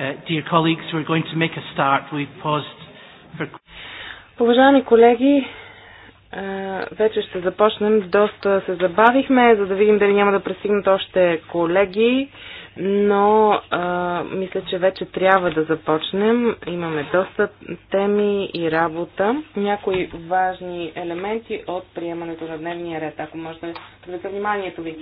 Uh, dear colleagues, we're going to make a start. We've paused for... Уважаеми колеги, uh, вече ще започнем. Доста се забавихме, за да видим дали няма да пресигнат още колеги, но а, uh, мисля, че вече трябва да започнем. Имаме доста теми и работа. Някои важни елементи от приемането на дневния ред. Ако може да вниманието ви.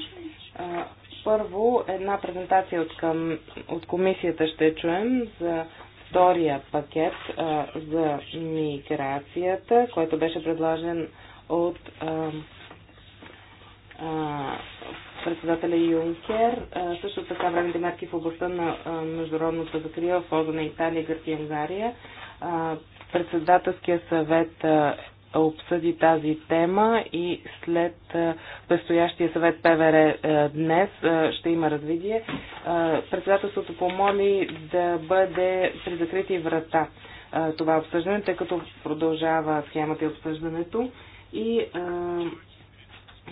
Първо, една презентация от, към, от комисията ще чуем за втория пакет а, за миграцията, който беше предложен от а, а, председателя Юнкер. А, също така времените мерки в областта на а, международната закрива в полза на Италия, Гърция и Унгария. председателския съвет а, обсъди тази тема и след предстоящия съвет ПВР днес ще има развитие. Председателството помоли да бъде при закрити врата това обсъждане, тъй като продължава схемата и обсъждането. И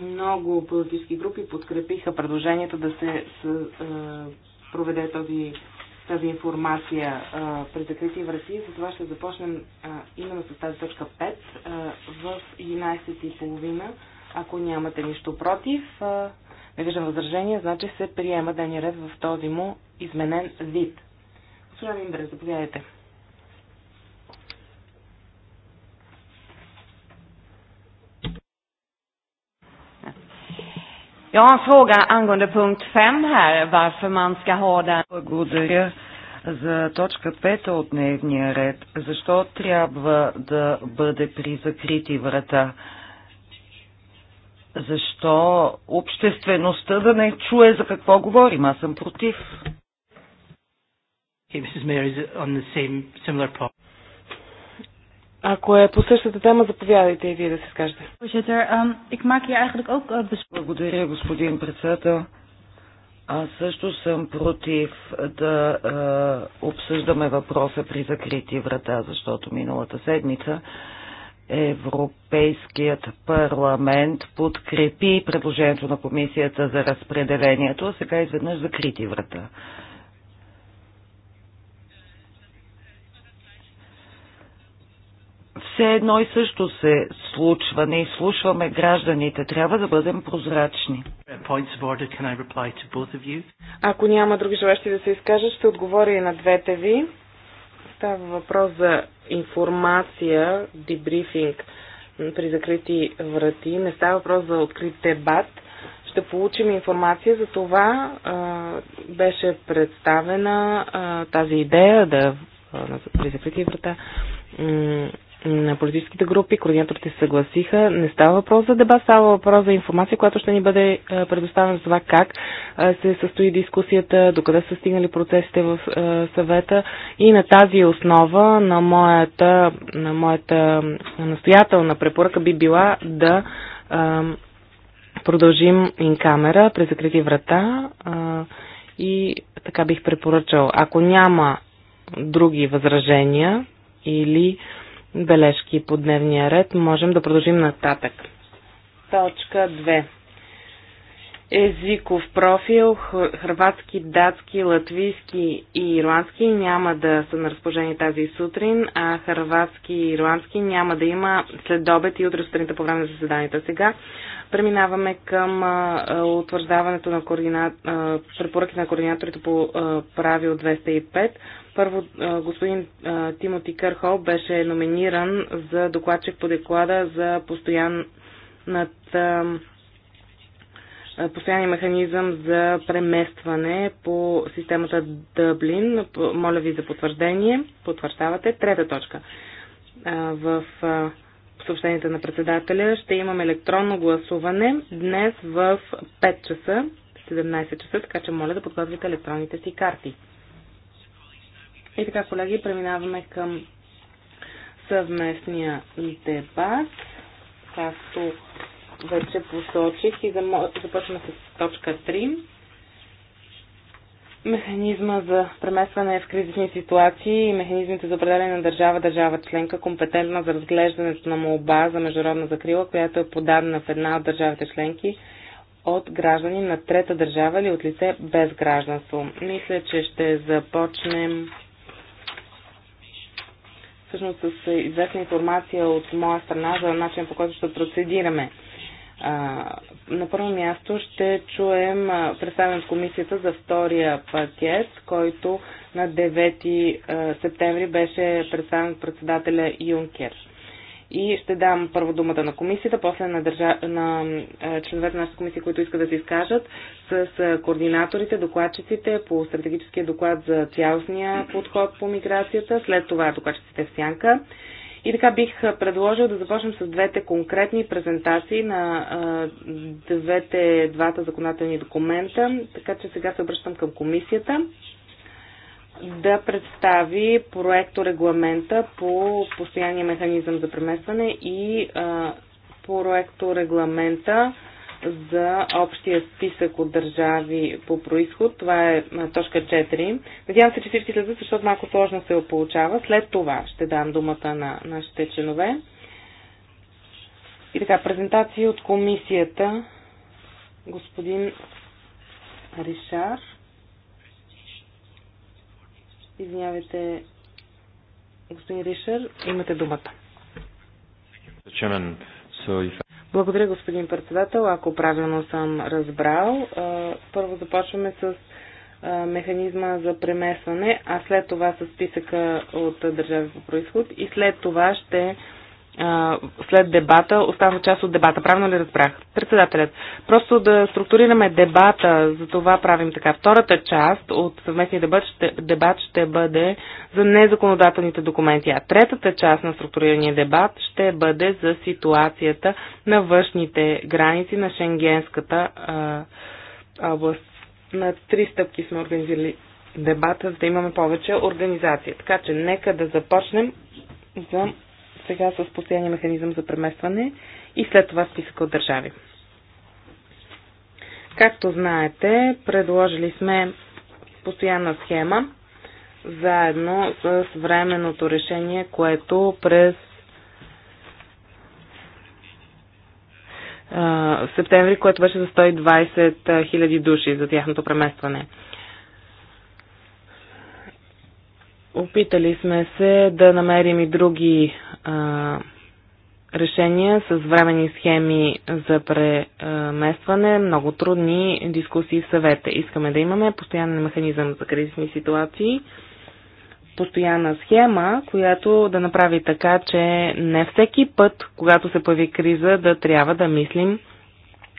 много политически групи подкрепиха предложението да се проведе този тази информация а, закрити врати. Затова ще започнем а, именно с тази точка 5 а, в 11.30. Ако нямате нищо против, а, не виждам възражение, значи се приема дневния ред в този му изменен вид. Господин Вимбре, заповядайте. Jag har en fråga angående punkt 5 här, varför man ska ha den. Благодаря за точка 5 от дневния ред. Защо трябва да бъде при закрити врата? Защо обществеността да не чуе за какво говорим? Аз съм против. Okay, Mrs. Mayor, on the same, similar point. Ако е по същата тема, заповядайте и вие да се скажете. Ehm, eh, Благодаря, господин председател. Аз също съм против да а, е, обсъждаме въпроса при закрити врата, защото миналата седмица Европейският парламент подкрепи предложението на комисията за разпределението, а сега изведнъж закрити врата. все едно и също се случва. Не изслушваме гражданите. Трябва да бъдем прозрачни. Ако няма други желащи да се изкажат, ще отговоря и на двете ви. Става въпрос за информация, дебрифинг при закрити врати. Не става въпрос за открит дебат. Ще получим информация за това. Беше представена тази идея да при закрити врата на политическите групи, координаторите се съгласиха. Не става въпрос за дебат, става въпрос за информация, която ще ни бъде е, предоставена за това как е, се състои дискусията, докъде са стигнали процесите в е, съвета и на тази основа на моята, на моята настоятелна препоръка би била да продължим инкамера през закрити врата и така бих препоръчал. Ако няма други възражения или бележки по дневния ред, можем да продължим нататък. Точка 2. Езиков профил хрватски, датски, латвийски и ирландски няма да са на разположение тази сутрин, а хрватски и ирландски няма да има след обед и утре сутринта по време на заседанията. Сега Преминаваме към утвърждаването на координа... препоръки на координаторите по правил 205. Първо, господин Тимоти Кърхол беше номиниран за докладчик по доклада за постоянната постоянен механизъм за преместване по системата Дъблин. Моля ви за потвърждение. Потвърждавате. Трета точка. В съобщенията на председателя. Ще имам електронно гласуване днес в 5 часа, 17 часа, така че моля да подготвите електронните си карти. И така, колеги, преминаваме към съвместния дебат. Както вече посочих и започваме с точка 3 Механизма за преместване в кризисни ситуации и механизмите за определение на държава, държава членка, компетентна за разглеждането на молба за международна закрила, която е подадена в една от държавите членки от граждани на трета държава или от лице без гражданство. Мисля, че ще започнем всъщност с известна информация от моя страна за начин по който ще процедираме на първо място ще чуем представен от комисията за втория пакет, който на 9 септември беше представен от председателя Юнкер. И ще дам първо думата на комисията, после на, държа... на членовете на нашата комисия, които искат да се изкажат, с координаторите, докладчиците по стратегическия доклад за цялостния подход по миграцията, след това докладчиците в сянка и така бих предложил да започнем с двете конкретни презентации на двете, двата законодателни документа, така че сега се обръщам към комисията да представи проекто регламента по постоянния механизъм за преместване и проекто регламента за общия списък от държави по происход. Това е точка 4. Надявам се, че всички следват, защото малко сложно се получава. След това ще дам думата на нашите членове. И така, презентация от комисията. Господин Ришар. Извинявайте, господин Ришар, имате думата. Благодаря, господин председател. Ако правилно съм разбрал, първо започваме с механизма за преместване, а след това с списъка от държави по происход и след това ще след дебата остава част от дебата. Правно ли разбрах? Председателят. Просто да структурираме дебата, за това правим така. Втората част от съвместния дебат ще, дебат ще бъде за незаконодателните документи, а третата част на структурирания дебат ще бъде за ситуацията на външните граници на Шенгенската а, област. На три стъпки сме организирали дебата, за да имаме повече организация. Така че нека да започнем за сега с постоянния механизъм за преместване и след това списъка от държави. Както знаете, предложили сме постоянна схема заедно с временното решение, което през септември, което беше за 120 000 души за тяхното преместване. Опитали сме се да намерим и други а, решения с времени схеми за преместване, много трудни дискусии в съвета. Искаме да имаме постоянен механизъм за кризисни ситуации, постоянна схема, която да направи така, че не всеки път, когато се появи криза, да трябва да мислим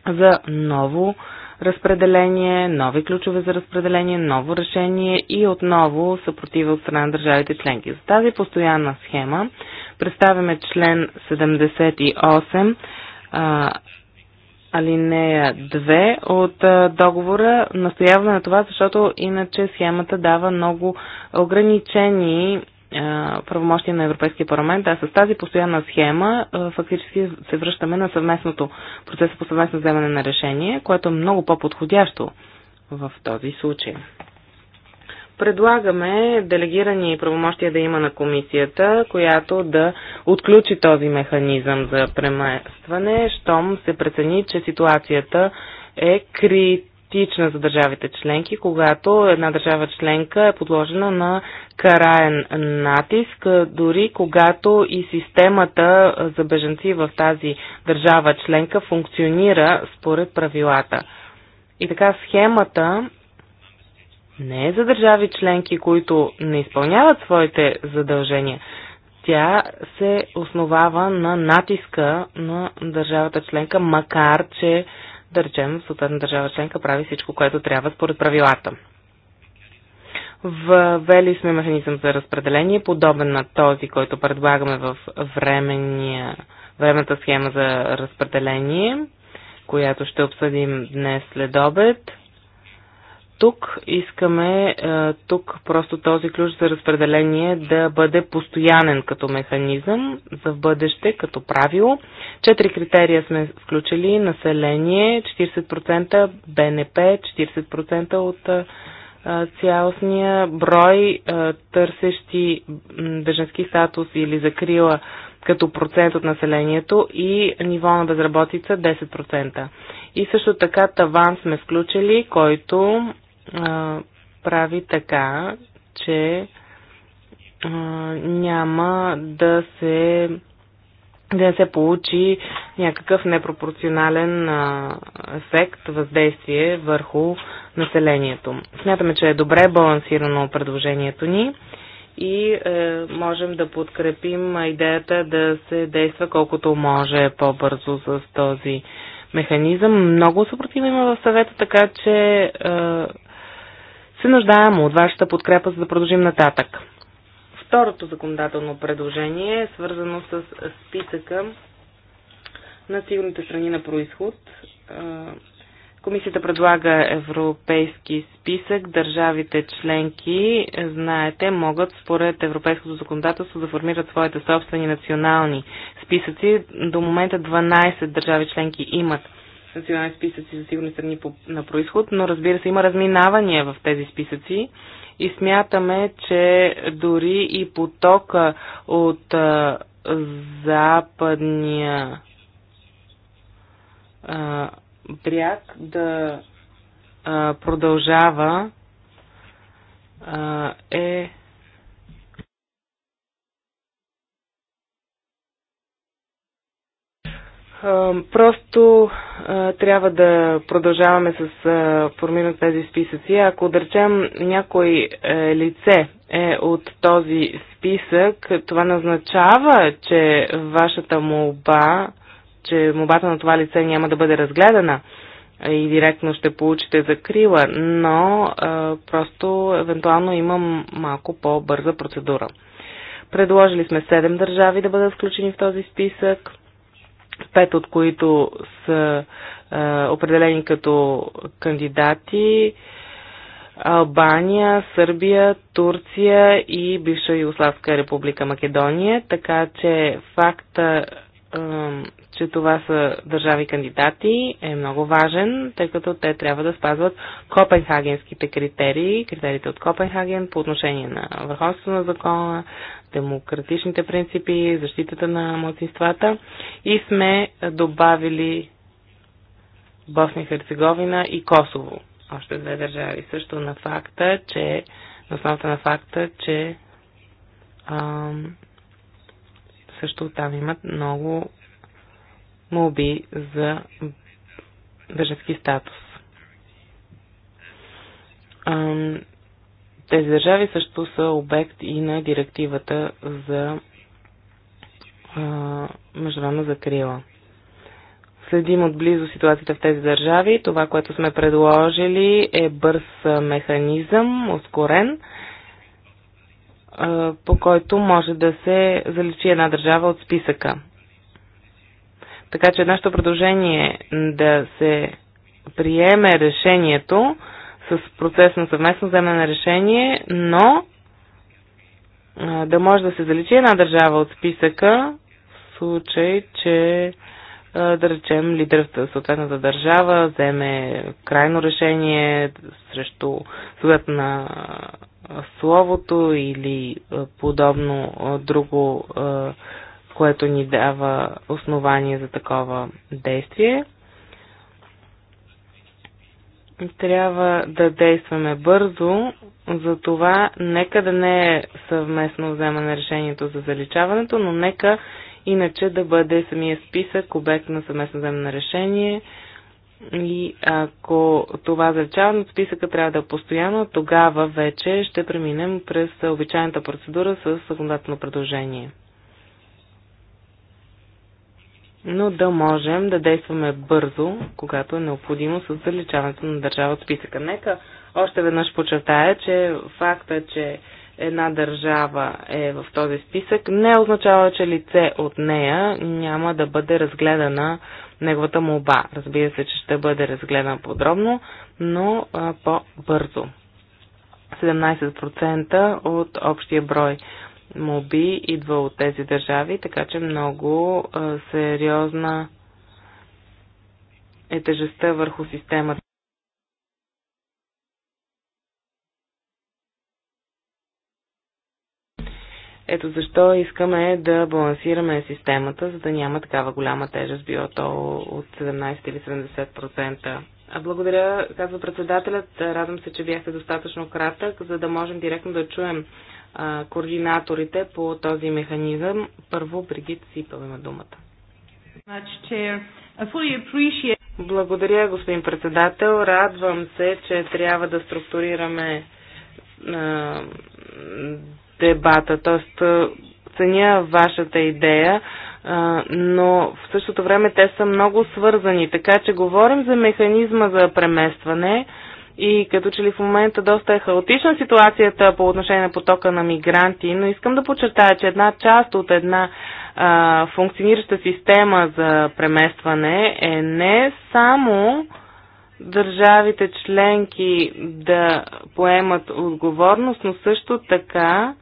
за ново разпределение, нови ключове за разпределение, ново решение и отново съпротива от страна на държавите членки. За тази постоянна схема представяме член 78 а, алинея 2 от а, договора. Настояваме на това, защото иначе схемата дава много ограничени правомощия на Европейския парламент, а с тази постоянна схема фактически се връщаме на съвместното процеса по съвместно вземане на решение, което е много по-подходящо в този случай. Предлагаме делегирани правомощия да има на комисията, която да отключи този механизъм за преместване, щом се прецени, че ситуацията е крит критична за държавите членки, когато една държава членка е подложена на караен натиск, дори когато и системата за беженци в тази държава членка функционира според правилата. И така схемата не е за държави членки, които не изпълняват своите задължения. Тя се основава на натиска на държавата членка, макар че да речем, съответна държава членка прави всичко, което трябва според правилата. Ввели сме механизъм за разпределение, подобен на този, който предлагаме в временния, времената схема за разпределение, която ще обсъдим днес след обед тук искаме е, тук просто този ключ за разпределение да бъде постоянен като механизъм за в бъдеще, като правило. Четири критерия сме включили. Население 40%, БНП 40% от е, е, цялостния брой търсещи беженски статус или закрила като процент от населението и ниво на безработица 10%. И също така таван сме включили, който прави така, че а, няма да се да се получи някакъв непропорционален а, ефект, въздействие върху населението. Смятаме, че е добре балансирано предложението ни и е, можем да подкрепим идеята да се действа колкото може по-бързо с този механизъм. Много съпротива има в съвета, така че е, се нуждаем от вашата подкрепа, за да продължим нататък. Второто законодателно предложение е свързано с списъка на сигурните страни на происход. Комисията предлага европейски списък. Държавите членки, знаете, могат според европейското законодателство да формират своите собствени национални списъци. До момента 12 държави членки имат национални списъци за сигурни страни на происход, но разбира се има разминавания в тези списъци и смятаме, че дори и потока от а, западния а, бряг да а, продължава а, е Просто трябва да продължаваме с формирането тези списъци. Ако, да речем, някой е, лице е от този списък, това не означава, че вашата молба, че молбата на това лице няма да бъде разгледана и директно ще получите закрила, но просто евентуално имам малко по-бърза процедура. Предложили сме 7 държави да бъдат включени в този списък пет от които са а, е, определени като кандидати. Албания, Сърбия, Турция и бивша Югославска република Македония. Така че факта, е, че това са държави кандидати е много важен, тъй като те трябва да спазват копенхагенските критерии, критериите от Копенхаген по отношение на върховството на закона, демократичните принципи, защитата на младсинствата и сме добавили Босна и Херцеговина и Косово. Още две държави. Също на факта, че на основата на факта, че ам, също там имат много молби за държавски статус. Ам, тези държави също са обект и на директивата за международна закрила. Следим отблизо ситуацията в тези държави. Това, което сме предложили е бърз механизъм, ускорен, по който може да се заличи една държава от списъка. Така че нашето предложение да се приеме решението с процес на съвместно вземане на решение, но да може да се заличи една държава от списъка случай, че да речем лидер в съответната държава вземе крайно решение срещу съдът на словото или подобно друго, което ни дава основание за такова действие. Трябва да действаме бързо, за това, нека да не е съвместно вземане решението за заличаването, но нека иначе да бъде самия списък обект на съвместно вземане решение. И ако това заличаване от списъка трябва да е постоянно, тогава вече ще преминем през обичайната процедура с законодателно предложение. Но да можем да действаме бързо, когато е необходимо с заличаването на държава от списъка. Нека още веднъж подчертая, че факта, че една държава е в този списък, не означава, че лице от нея няма да бъде разгледана неговата молба. Разбира се, че ще бъде разгледана подробно, но по-бързо. 17% от общия брой моби идва от тези държави, така че много сериозна е тежестта върху системата. Ето защо искаме да балансираме системата, за да няма такава голяма тежест, било то от 17 или 70%. А благодаря, казва председателят. Радвам се, че бяхте достатъчно кратък, за да можем директно да чуем а, координаторите по този механизъм. Първо, Бригит Сипел има думата. Благодаря, господин председател. Радвам се, че трябва да структурираме а, дебата. т.е. ценя вашата идея, но в същото време те са много свързани. Така че говорим за механизма за преместване и като че ли в момента доста е хаотична ситуацията по отношение на потока на мигранти, но искам да подчертая, че една част от една а, функционираща система за преместване е не само държавите членки да поемат отговорност, но също така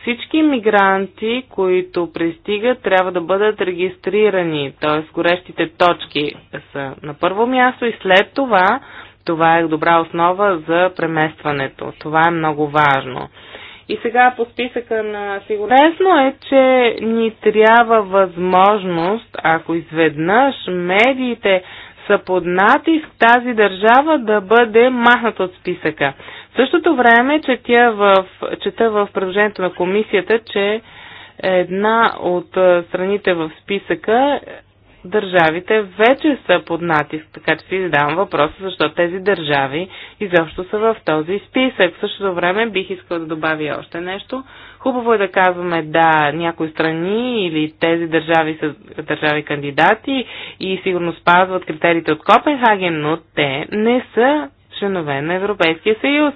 всички мигранти, които пристигат, трябва да бъдат регистрирани, т.е. горещите точки са на първо място и след това, това е добра основа за преместването. Това е много важно. И сега по списъка на сигурно е, че ни трябва възможност, ако изведнъж медиите са под натиск тази държава да бъде махната от списъка. В същото време четя в, чета в предложението на комисията, че една от страните в списъка държавите вече са под натиск, така че си задавам въпроса защо тези държави изобщо са в този списък. В същото време бих искала да добавя още нещо. Хубаво е да казваме да, някои страни или тези държави са държави кандидати и сигурно спазват критериите от Копенхаген, но те не са членове на Европейския съюз.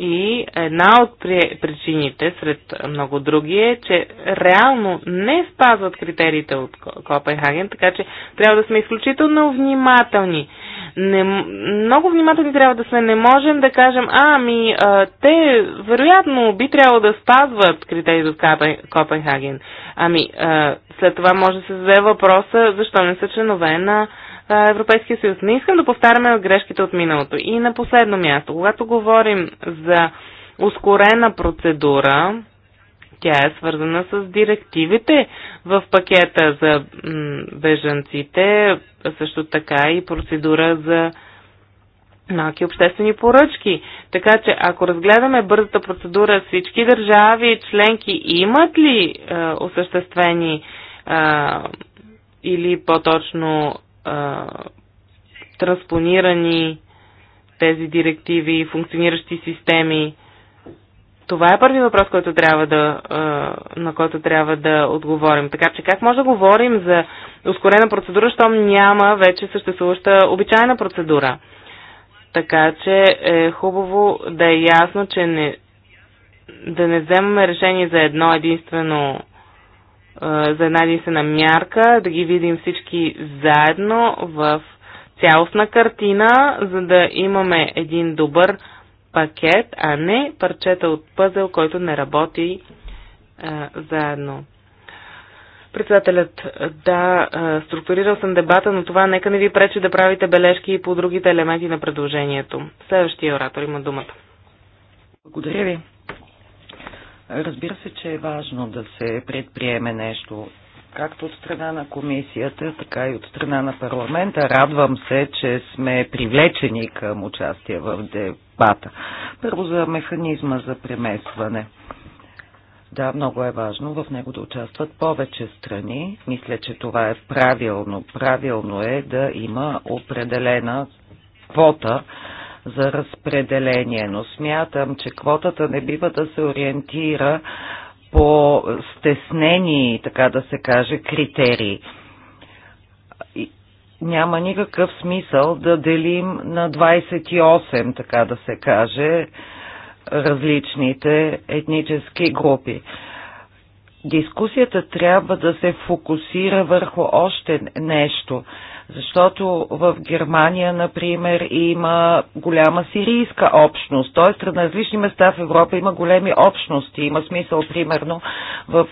И една от причините, сред много други, е, че реално не спазват критериите от Копенхаген, така че трябва да сме изключително внимателни. Не, много внимателни трябва да сме. Не можем да кажем, ами, те вероятно би трябвало да спазват критериите от Копенхаген. Ами, а, след това може да се зададе въпроса, защо не са членове на Европейския съюз. Не искам да повтаряме грешките от миналото. И на последно място, когато говорим за ускорена процедура, тя е свързана с директивите в пакета за бежанците, също така и процедура за малки обществени поръчки. Така че, ако разгледаме бързата процедура, всички държави членки имат ли е, осъществени е, или по-точно а, транспонирани тези директиви, функциониращи системи. Това е първи въпрос, който трябва да, на който трябва да отговорим. Така че как може да говорим за ускорена процедура, щом няма вече съществуваща обичайна процедура? Така че е хубаво да е ясно, че не, да не вземаме решение за едно единствено за една единствена мярка, да ги видим всички заедно в цялостна картина, за да имаме един добър пакет, а не парчета от пъзел, който не работи а, заедно. Председателят, да, структурирал съм дебата, но това нека не ви пречи да правите бележки и по другите елементи на предложението. Следващия оратор има думата. Благодаря ви. Разбира се, че е важно да се предприеме нещо както от страна на комисията, така и от страна на парламента. Радвам се, че сме привлечени към участие в дебата. Първо за механизма за преместване. Да, много е важно в него да участват повече страни. Мисля, че това е правилно. Правилно е да има определена квота за разпределение, но смятам, че квотата не бива да се ориентира по стеснени, така да се каже, критерии. Няма никакъв смисъл да делим на 28, така да се каже, различните етнически групи. Дискусията трябва да се фокусира върху още нещо – защото в Германия, например, има голяма сирийска общност, т.е. на различни места в Европа има големи общности. Има смисъл, примерно, в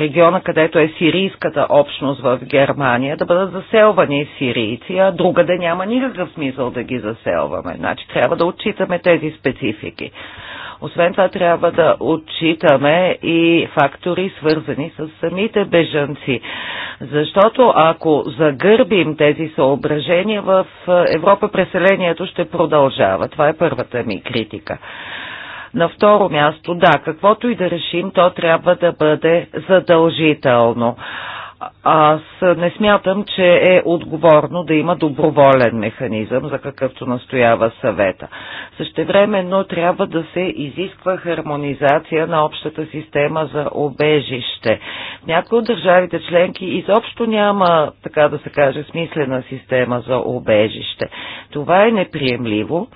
региона, където е сирийската общност в Германия, да бъдат заселвани сирийци, а другаде няма никакъв смисъл да ги заселваме. Значи трябва да отчитаме тези специфики. Освен това трябва да отчитаме и фактори свързани с самите бежанци. Защото ако загърбим тези съображения, в е, Европа преселението ще продължава. Това е първата ми критика. На второ място, да, каквото и да решим, то трябва да бъде задължително. Аз не смятам, че е отговорно да има доброволен механизъм, за какъвто настоява съвета. Същевременно трябва да се изисква хармонизация на общата система за обежище. Някои от държавите членки изобщо няма, така да се каже, смислена система за обежище. Това е неприемливо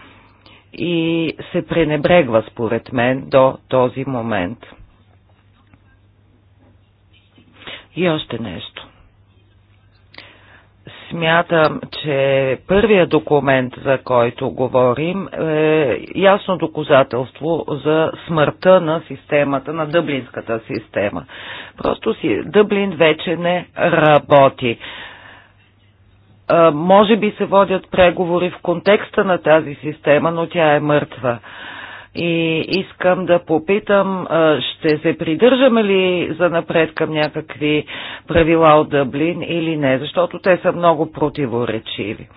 и се пренебрегва според мен до този момент. И още нещо. Смятам, че първият документ, за който говорим, е ясно доказателство за смъртта на системата, на дъблинската система. Просто си, Дъблин вече не работи може би се водят преговори в контекста на тази система, но тя е мъртва. И искам да попитам, ще се придържаме ли за напред към някакви правила от Дъблин или не, защото те са много противоречиви.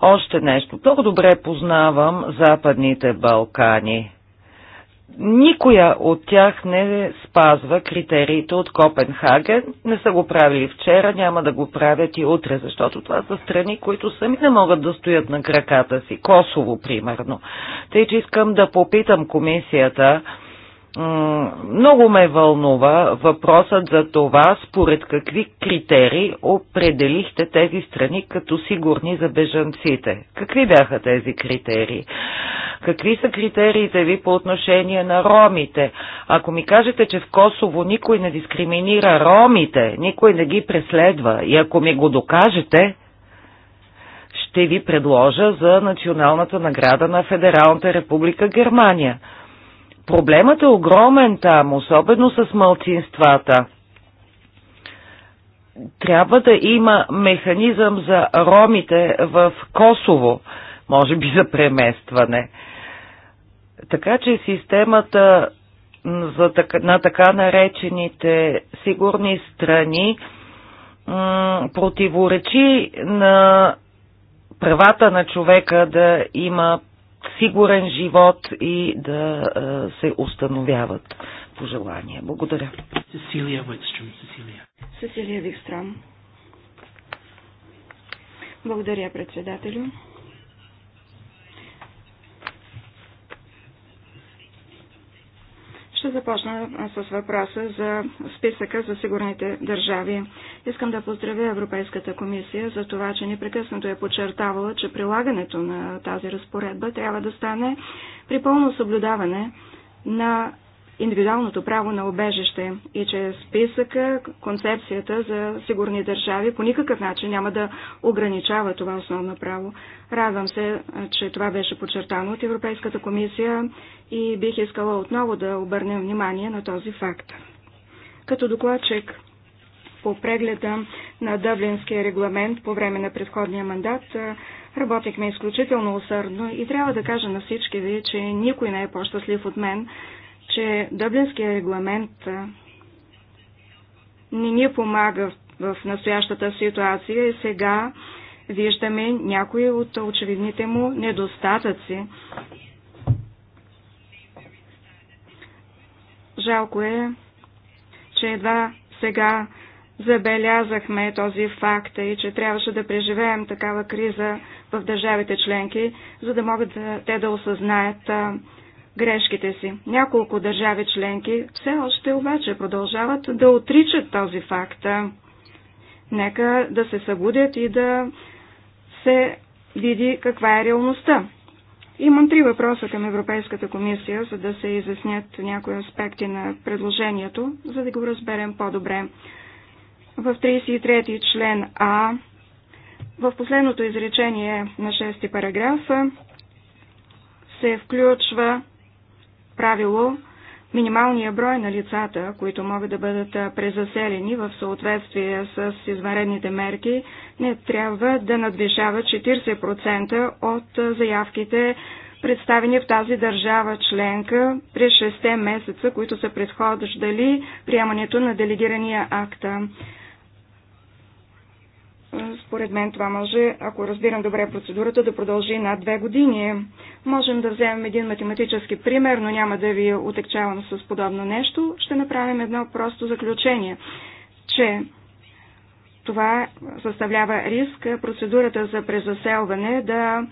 Още нещо. Много добре познавам Западните Балкани. Никоя от тях не спазва критериите от Копенхаген. Не са го правили вчера, няма да го правят и утре, защото това са страни, които сами не могат да стоят на краката си. Косово, примерно. Тъй, че искам да попитам комисията, много ме вълнува въпросът за това, според какви критерии определихте тези страни като сигурни за бежанците. Какви бяха тези критерии? Какви са критериите ви по отношение на ромите? Ако ми кажете, че в Косово никой не дискриминира ромите, никой не ги преследва, и ако ми го докажете, ще ви предложа за националната награда на Федералната република Германия – Проблемът е огромен там, особено с малцинствата. Трябва да има механизъм за ромите в Косово, може би за преместване. Така че системата за, на така наречените сигурни страни противоречи на правата на човека да има сигурен живот и да се установяват пожелания. Благодаря. Сесилия Викстрам. Сесилия. Сесилия Викстрам. Благодаря, председателю. Ще започна с въпроса за списъка за сигурните държави. Искам да поздравя Европейската комисия за това, че непрекъснато е подчертавала, че прилагането на тази разпоредба трябва да стане при пълно съблюдаване на индивидуалното право на обежище и че списъка, концепцията за сигурни държави по никакъв начин няма да ограничава това основно право. Радвам се, че това беше подчертано от Европейската комисия и бих искала отново да обърнем внимание на този факт. Като докладчик по прегледа на Дъблинския регламент по време на предходния мандат, работихме изключително усърдно и трябва да кажа на всички ви, че никой не е по-щастлив от мен, че Дъблинския регламент не ни помага в настоящата ситуация и сега виждаме някои от очевидните му недостатъци. Жалко е, че едва сега забелязахме този факт и че трябваше да преживеем такава криза в държавите членки, за да могат те да осъзнаят грешките си. Няколко държави членки все още обаче продължават да отричат този факт. Нека да се събудят и да се види каква е реалността. Имам три въпроса към Европейската комисия, за да се изяснят някои аспекти на предложението, за да го разберем по-добре. В 33 член А, в последното изречение на 6 параграф, се включва правило минималния брой на лицата, които могат да бъдат презаселени в съответствие с извънредните мерки, не трябва да надвишава 40% от заявките, представени в тази държава членка през 6 месеца, които са предхождали приемането на делегирания акта. Според мен това може, ако разбирам добре процедурата, да продължи над две години. Можем да вземем един математически пример, но няма да ви отекчавам с подобно нещо. Ще направим едно просто заключение, че това съставлява риск процедурата за презаселване да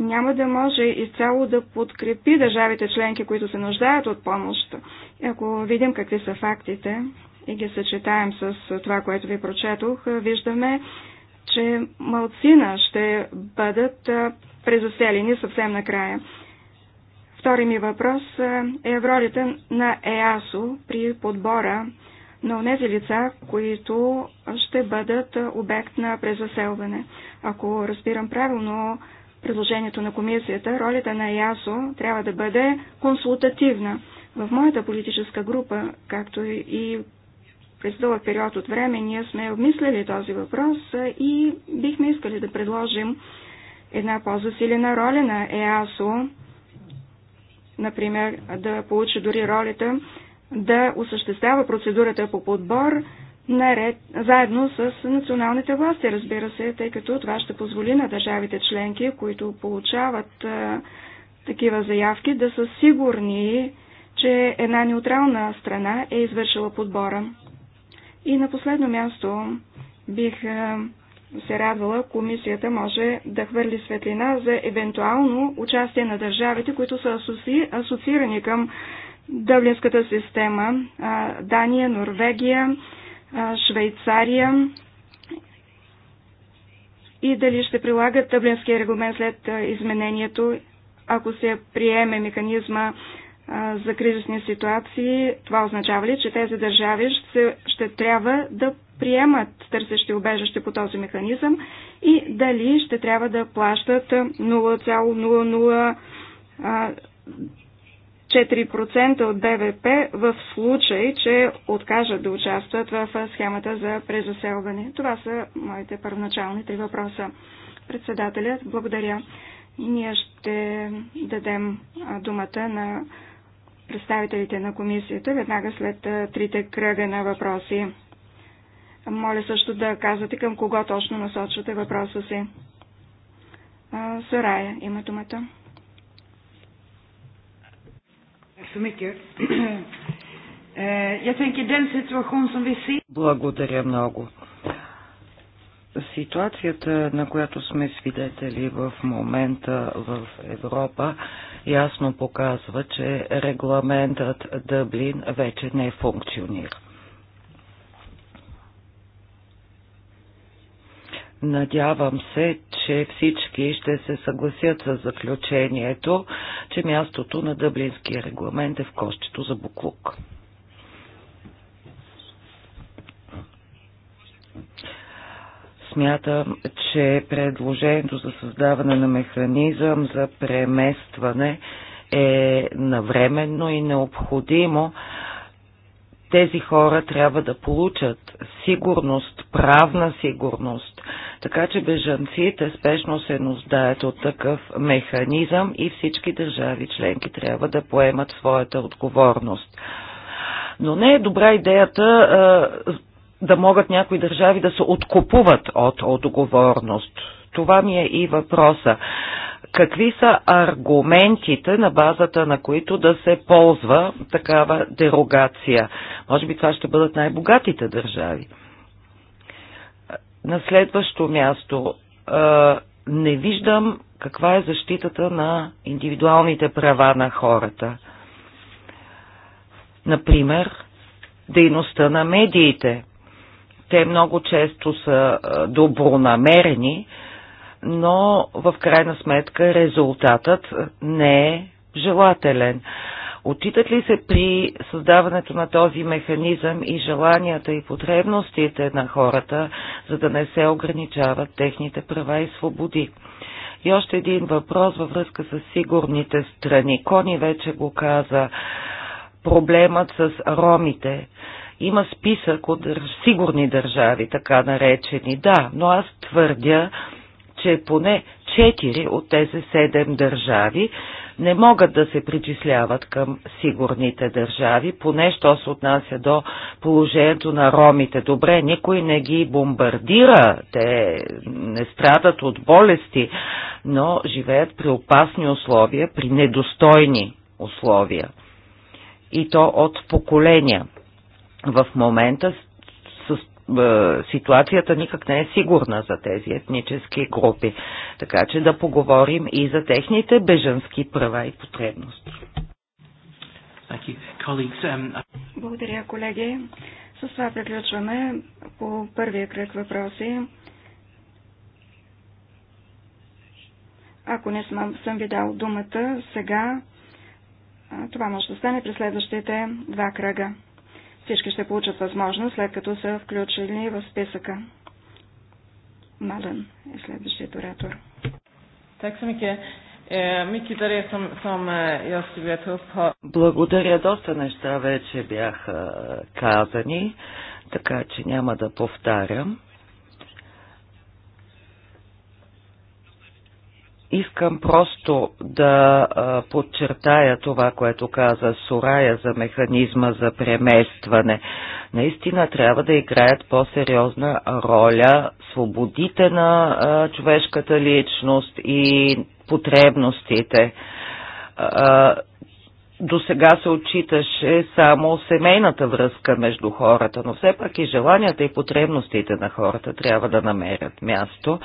няма да може изцяло да подкрепи държавите членки, които се нуждаят от помощ. Ако видим какви са фактите, и ги съчетаем с това, което ви прочетох, виждаме, че малцина ще бъдат презаселени съвсем накрая. Втори ми въпрос е в ролята на ЕАСО при подбора на тези лица, които ще бъдат обект на презаселване. Ако разбирам правилно предложението на комисията, ролята на ЕАСО трябва да бъде консултативна. В моята политическа група, както и през дълъг период от време ние сме обмисляли този въпрос и бихме искали да предложим една по-засилена роля на ЕАСО, например да получи дори ролята да осъществява процедурата по подбор наред, заедно с националните власти, разбира се, тъй като това ще позволи на държавите членки, които получават а, такива заявки, да са сигурни, че една неутрална страна е извършила подбора. И на последно място бих се радвала, комисията може да хвърли светлина за евентуално участие на държавите, които са асоци... асоциирани към Дъблинската система Дания, Норвегия, Швейцария и дали ще прилагат Дъблинския регламент след изменението, ако се приеме механизма за кризисни ситуации, това означава ли, че тези държави ще, ще трябва да приемат търсещи обежище по този механизъм и дали ще трябва да плащат 0,004% от БВП в случай, че откажат да участват в схемата за презаселване. Това са моите първоначални три въпроса. Председателят, благодаря. Ние ще дадем думата на представителите на комисията веднага след трите кръга на въпроси. Моля също да казвате към кого точно насочвате въпроса си. Сарая има думата. Eh, Благодаря много. Ситуацията, на която сме свидетели в момента в Европа, ясно показва, че регламентът Дъблин вече не функционира. Надявам се, че всички ще се съгласят с заключението, че мястото на Дъблинския регламент е в кощето за буклук. Смятам, че предложението за създаване на механизъм за преместване е навременно и необходимо. Тези хора трябва да получат сигурност, правна сигурност, така че бежанците спешно се нуждаят от такъв механизъм и всички държави членки трябва да поемат своята отговорност. Но не е добра идеята да могат някои държави да се откупуват от отговорност. Това ми е и въпроса. Какви са аргументите, на базата на които да се ползва такава дерогация? Може би това ще бъдат най-богатите държави. На следващо място не виждам каква е защитата на индивидуалните права на хората. Например, дейността на медиите. Те много често са добронамерени, но в крайна сметка резултатът не е желателен. Отчитат ли се при създаването на този механизъм и желанията и потребностите на хората, за да не се ограничават техните права и свободи? И още един въпрос във връзка с сигурните страни. Кони вече го каза. Проблемът с ромите. Има списък от сигурни държави, така наречени, да, но аз твърдя, че поне 4 от тези 7 държави не могат да се причисляват към сигурните държави, поне що се отнася до положението на ромите. Добре, никой не ги бомбардира, те не страдат от болести, но живеят при опасни условия, при недостойни условия. И то от поколения в момента с, с, е, ситуацията никак не е сигурна за тези етнически групи. Така че да поговорим и за техните беженски права и потребности. Um, Благодаря, колеги. С това приключваме по първия кръг въпроси. Ако не съм, съм ви дал думата сега, това може да стане през следващите два кръга. Всички ще получат възможност, след като са включени в списъка. Мален е следващият оратор. Так е, е, Благодаря. Доста неща вече бяха казани, така че няма да повтарям. Искам просто да подчертая това, което каза Сорая за механизма за преместване. Наистина трябва да играят по-сериозна роля свободите на човешката личност и потребностите до сега се отчиташе само семейната връзка между хората, но все пак и желанията и потребностите на хората трябва да намерят място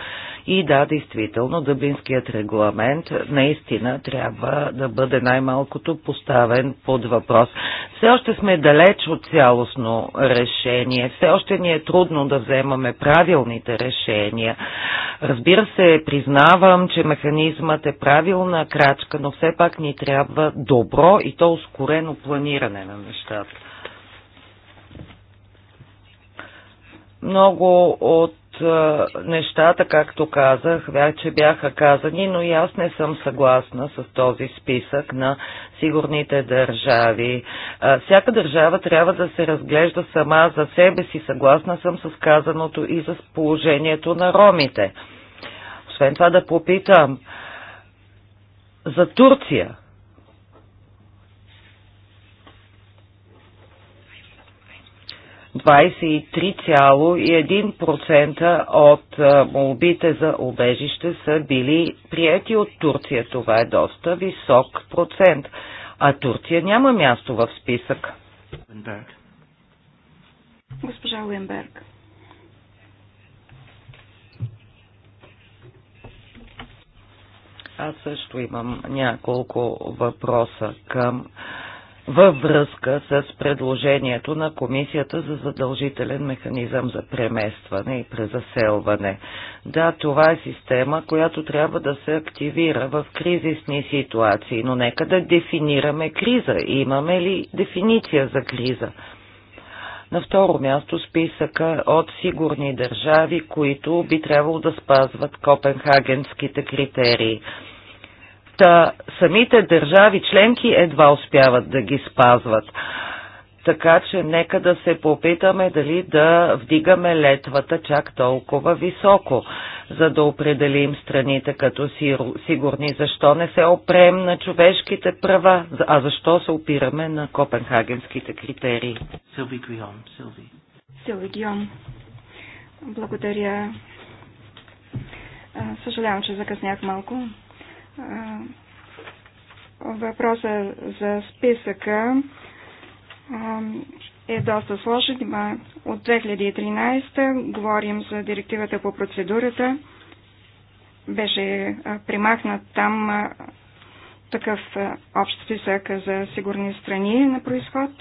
и да, действително, Дъблинският регламент наистина трябва да бъде най-малкото поставен под въпрос. Все още сме далеч от цялостно решение. Все още ни е трудно да вземаме правилните решения. Разбира се, признавам, че механизмът е правилна крачка, но все пак ни трябва добро и то ускорено планиране на нещата. Много от нещата, както казах, вече бяха казани, но и аз не съм съгласна с този списък на сигурните държави. Всяка държава трябва да се разглежда сама за себе си. Съгласна съм с казаното и за положението на ромите. Освен това да попитам за Турция – 23,1% от молбите за обежище са били прияти от Турция. Това е доста висок процент. А Турция няма място в списък. Госпожа Уенберг. Аз също имам няколко въпроса към във връзка с предложението на Комисията за задължителен механизъм за преместване и презаселване. Да, това е система, която трябва да се активира в кризисни ситуации, но нека да дефинираме криза. Имаме ли дефиниция за криза? На второ място списъка от сигурни държави, които би трябвало да спазват копенхагенските критерии. Та самите държави членки едва успяват да ги спазват. Така че нека да се попитаме дали да вдигаме летвата чак толкова високо, за да определим страните като сигурни. Защо не се опрем на човешките права, а защо се опираме на копенхагенските критерии? Силви Гион, Силви. Силви Гион, благодаря. Съжалявам, че закъснях малко въпроса за списъка е доста сложен. От 2013 говорим за директивата по процедурата. Беше примахнат там такъв общ списък за сигурни страни на происход.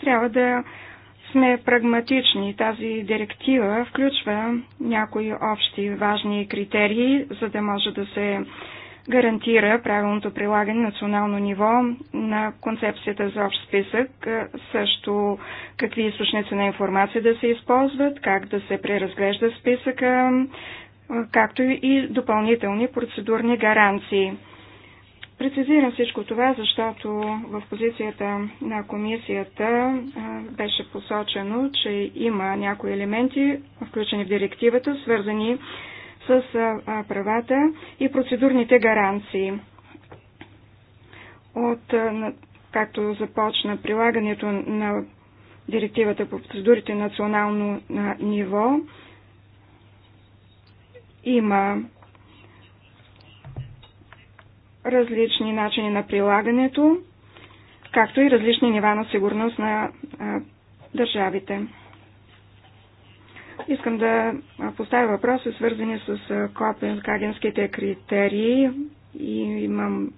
Трябва да сме прагматични. Тази директива включва някои общи важни критерии, за да може да се гарантира правилното прилагане на национално ниво на концепцията за общ списък, също какви източници на информация да се използват, как да се преразглежда списъка, както и допълнителни процедурни гаранции. Прецизирам всичко това, защото в позицията на комисията беше посочено, че има някои елементи, включени в директивата, свързани с правата и процедурните гаранции. От, както започна прилагането на директивата по процедурите национално ниво, има различни начини на прилагането, както и различни нива на сигурност на а, държавите. Искам да поставя въпроси, свързани с копенхагенските критерии и имам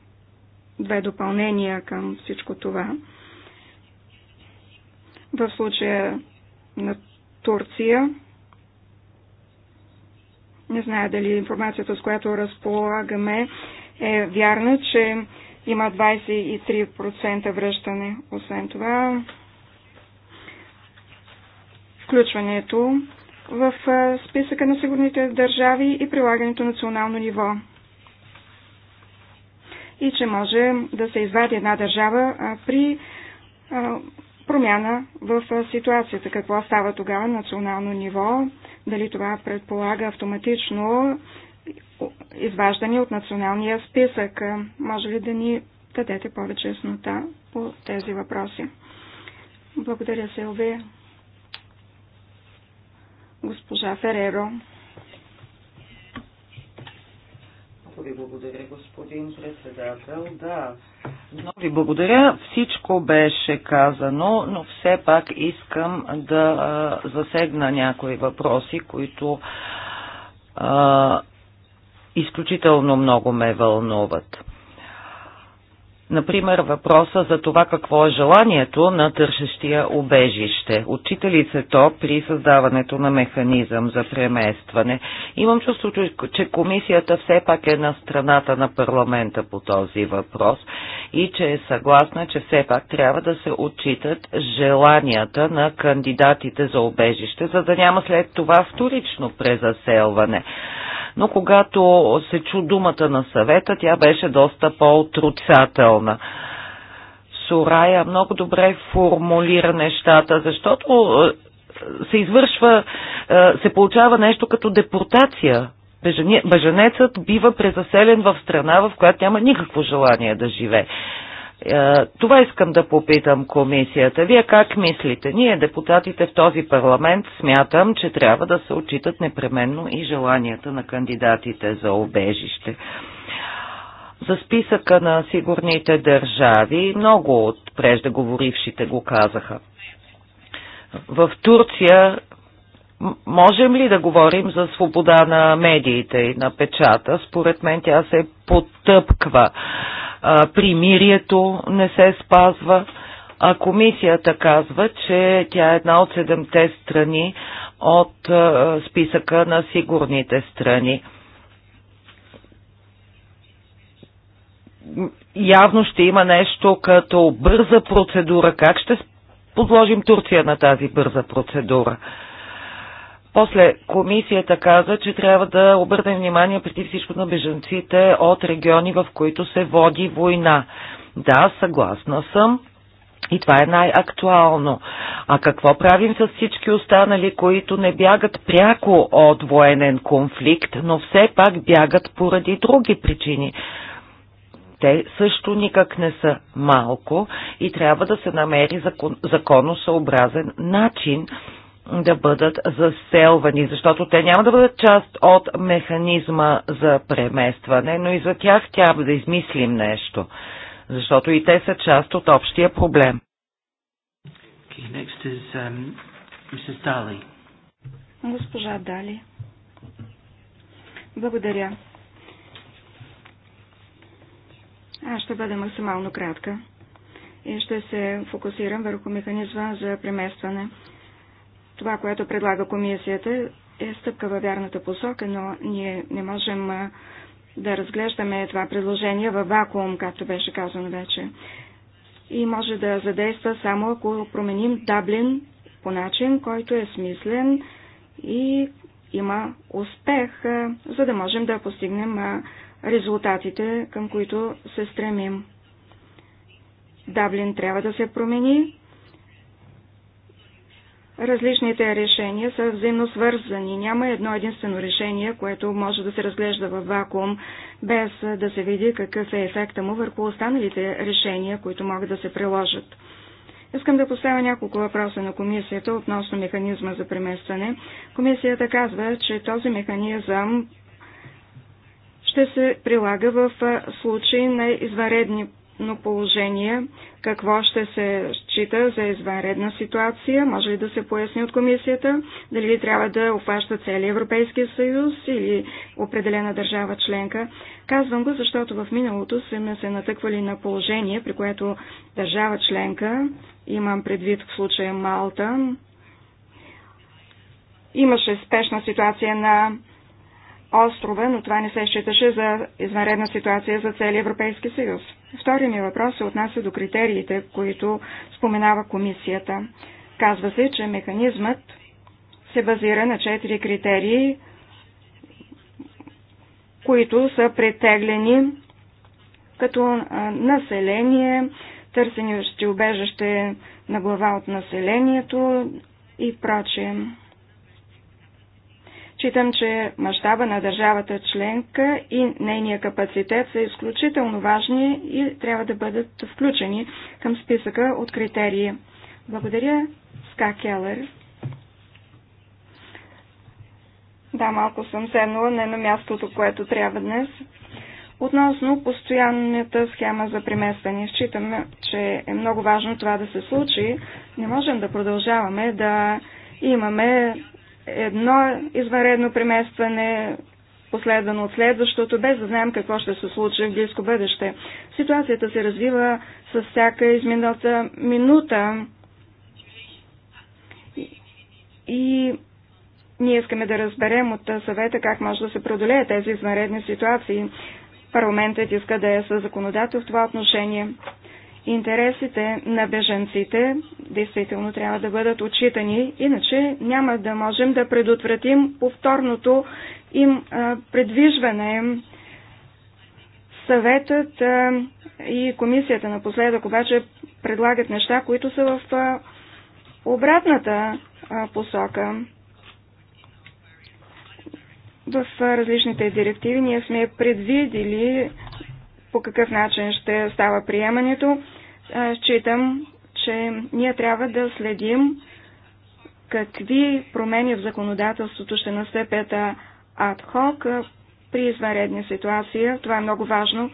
две допълнения към всичко това. В случая на Турция, не зная дали информацията, с която разполагаме, е вярно, че има 23% връщане. Освен това, включването в списъка на сигурните държави и прилагането на национално ниво. И че може да се извади една държава при промяна в ситуацията. Какво става тогава на национално ниво? Дали това предполага автоматично изваждани от националния списък. Може ли да ни дадете повече яснота по тези въпроси? Благодаря, Силвия. Госпожа Фереро. Много ви благодаря, господин председател. Да, много ви благодаря. Всичко беше казано, но все пак искам да засегна някои въпроси, които а, изключително много ме вълнуват. Например, въпроса за това какво е желанието на тършещия обежище. Отчита ли се то при създаването на механизъм за преместване? Имам чувството, че комисията все пак е на страната на парламента по този въпрос и че е съгласна, че все пак трябва да се отчитат желанията на кандидатите за обежище, за да няма след това вторично презаселване но когато се чу думата на съвета, тя беше доста по отруцателна Сурая много добре формулира нещата, защото е, се извършва, е, се получава нещо като депортация. Беженецът бива презаселен в страна, в която няма никакво желание да живее. Е, това искам да попитам комисията. Вие как мислите? Ние, депутатите в този парламент, смятам, че трябва да се отчитат непременно и желанията на кандидатите за обежище. За списъка на сигурните държави много от преждеговорившите го казаха. В Турция можем ли да говорим за свобода на медиите и на печата? Според мен тя се потъпква примирието не се спазва. А комисията казва, че тя е една от седемте страни от списъка на сигурните страни. Явно ще има нещо като бърза процедура. Как ще подложим Турция на тази бърза процедура? После комисията каза, че трябва да обърнем внимание преди всичко на беженците от региони, в които се води война. Да, съгласна съм. И това е най-актуално. А какво правим с всички останали, които не бягат пряко от военен конфликт, но все пак бягат поради други причини? Те също никак не са малко и трябва да се намери закон, законосъобразен начин да бъдат заселвани, защото те няма да бъдат част от механизма за преместване, но и за тях трябва да измислим нещо, защото и те са част от общия проблем. Okay, next is, um, Mrs. Dali. Госпожа Дали. Благодаря. Аз ще бъда максимално кратка и ще се фокусирам върху механизма за преместване. Това, което предлага комисията, е стъпка във вярната посока, но ние не можем да разглеждаме това предложение във вакуум, както беше казано вече. И може да задейства само ако променим Даблин по начин, който е смислен и има успех, за да можем да постигнем резултатите, към които се стремим. Даблин трябва да се промени, Различните решения са взаимно свързани. Няма едно единствено решение, което може да се разглежда във вакуум, без да се види какъв е ефекта му върху останалите решения, които могат да се приложат. Искам да поставя няколко въпроса на комисията относно механизма за преместване. Комисията казва, че този механизъм ще се прилага в случай на изваредни положение, какво ще се счита за извънредна ситуация, може ли да се поясни от комисията, дали трябва да обхваща целият Европейския съюз или определена държава членка. Казвам го, защото в миналото сме се натъквали на положение, при което държава членка, имам предвид в случая Малта, имаше спешна ситуация на острова, но това не се считаше за извънредна ситуация за целия Европейски съюз. Втория ми въпрос се отнася до критериите, които споменава комисията. Казва се, че механизмът се базира на четири критерии, които са претеглени като население, търсени ще убежище на глава от населението и прочее. Считам, че мащаба на държавата членка и нейния капацитет са изключително важни и трябва да бъдат включени към списъка от критерии. Благодаря, Ска Келър. Да, малко съм седнала не на мястото, което трябва днес. Относно постоянната схема за преместване, считаме, че е много важно това да се случи. Не можем да продължаваме да имаме едно извънредно преместване, последвано от следващото, без да знаем какво ще се случи в близко бъдеще. Ситуацията се развива с всяка изминалата минута и ние искаме да разберем от съвета как може да се преодолее тези извънредни ситуации. Парламентът иска да е със законодател в това отношение интересите на беженците действително трябва да бъдат отчитани, иначе няма да можем да предотвратим повторното им предвижване. Съветът и комисията напоследък обаче предлагат неща, които са в обратната посока. В различните директиви ние сме предвидили по какъв начин ще става приемането. Считам, че ние трябва да следим какви промени в законодателството ще настъпят адхок при изваредни ситуации. Това е много важно.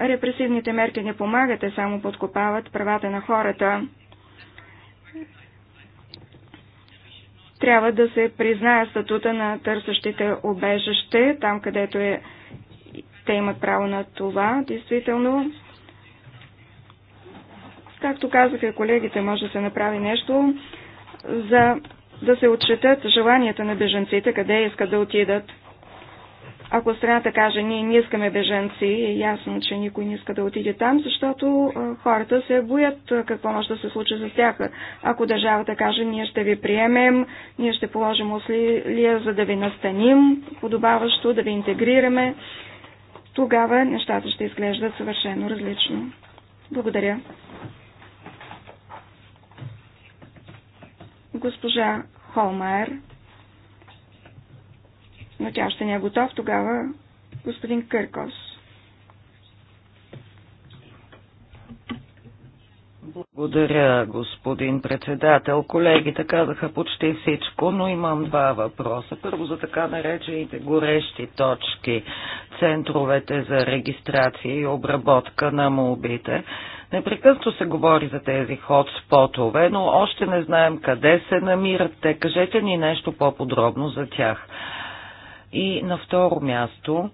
Репресивните мерки не помагат, те само подкопават правата на хората. Трябва да се признае статута на търсещите обежище, там където е те имат право на това, действително. Както казаха колегите, може да се направи нещо за да се отчетат желанията на беженците, къде искат да отидат. Ако страната каже, ние не искаме беженци, е ясно, че никой не иска да отиде там, защото хората се боят какво може да се случи с тях. Ако държавата каже, ние ще ви приемем, ние ще положим усилия, за да ви настаним подобаващо, да ви интегрираме, тогава нещата ще изглеждат съвършено различно. Благодаря. Госпожа Холмайер, но тя още не е готов, тогава господин Къркос. Благодаря, господин председател. Колегите казаха почти всичко, но имам два въпроса. Първо за така наречените горещи точки, центровете за регистрация и обработка на молбите. Непрекъсно се говори за тези хотспотове, но още не знаем къде се намират те. Кажете ни нещо по-подробно за тях. И на второ място,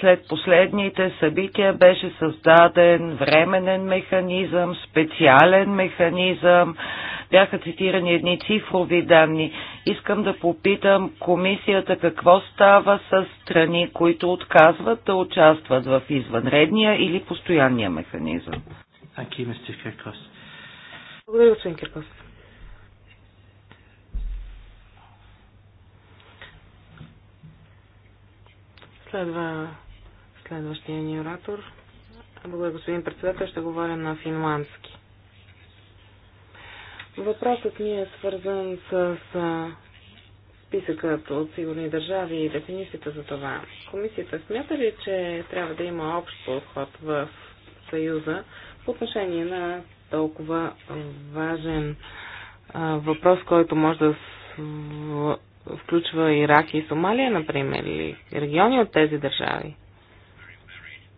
след последните събития беше създаден временен механизъм, специален механизъм, бяха цитирани едни цифрови данни. Искам да попитам комисията какво става с страни, които отказват да участват в извънредния или постоянния механизъм. Благодаря, господин Кирков. Следва следващия ни оратор. Благодаря, господин председател. Ще говоря на финландски. Въпросът ми е свързан с списъкът от сигурни държави и дефиницията за това. Комисията смята ли, че трябва да има общ подход в Съюза по отношение на толкова важен въпрос, който може да включва Ирак и Сомалия, например, или региони от тези държави.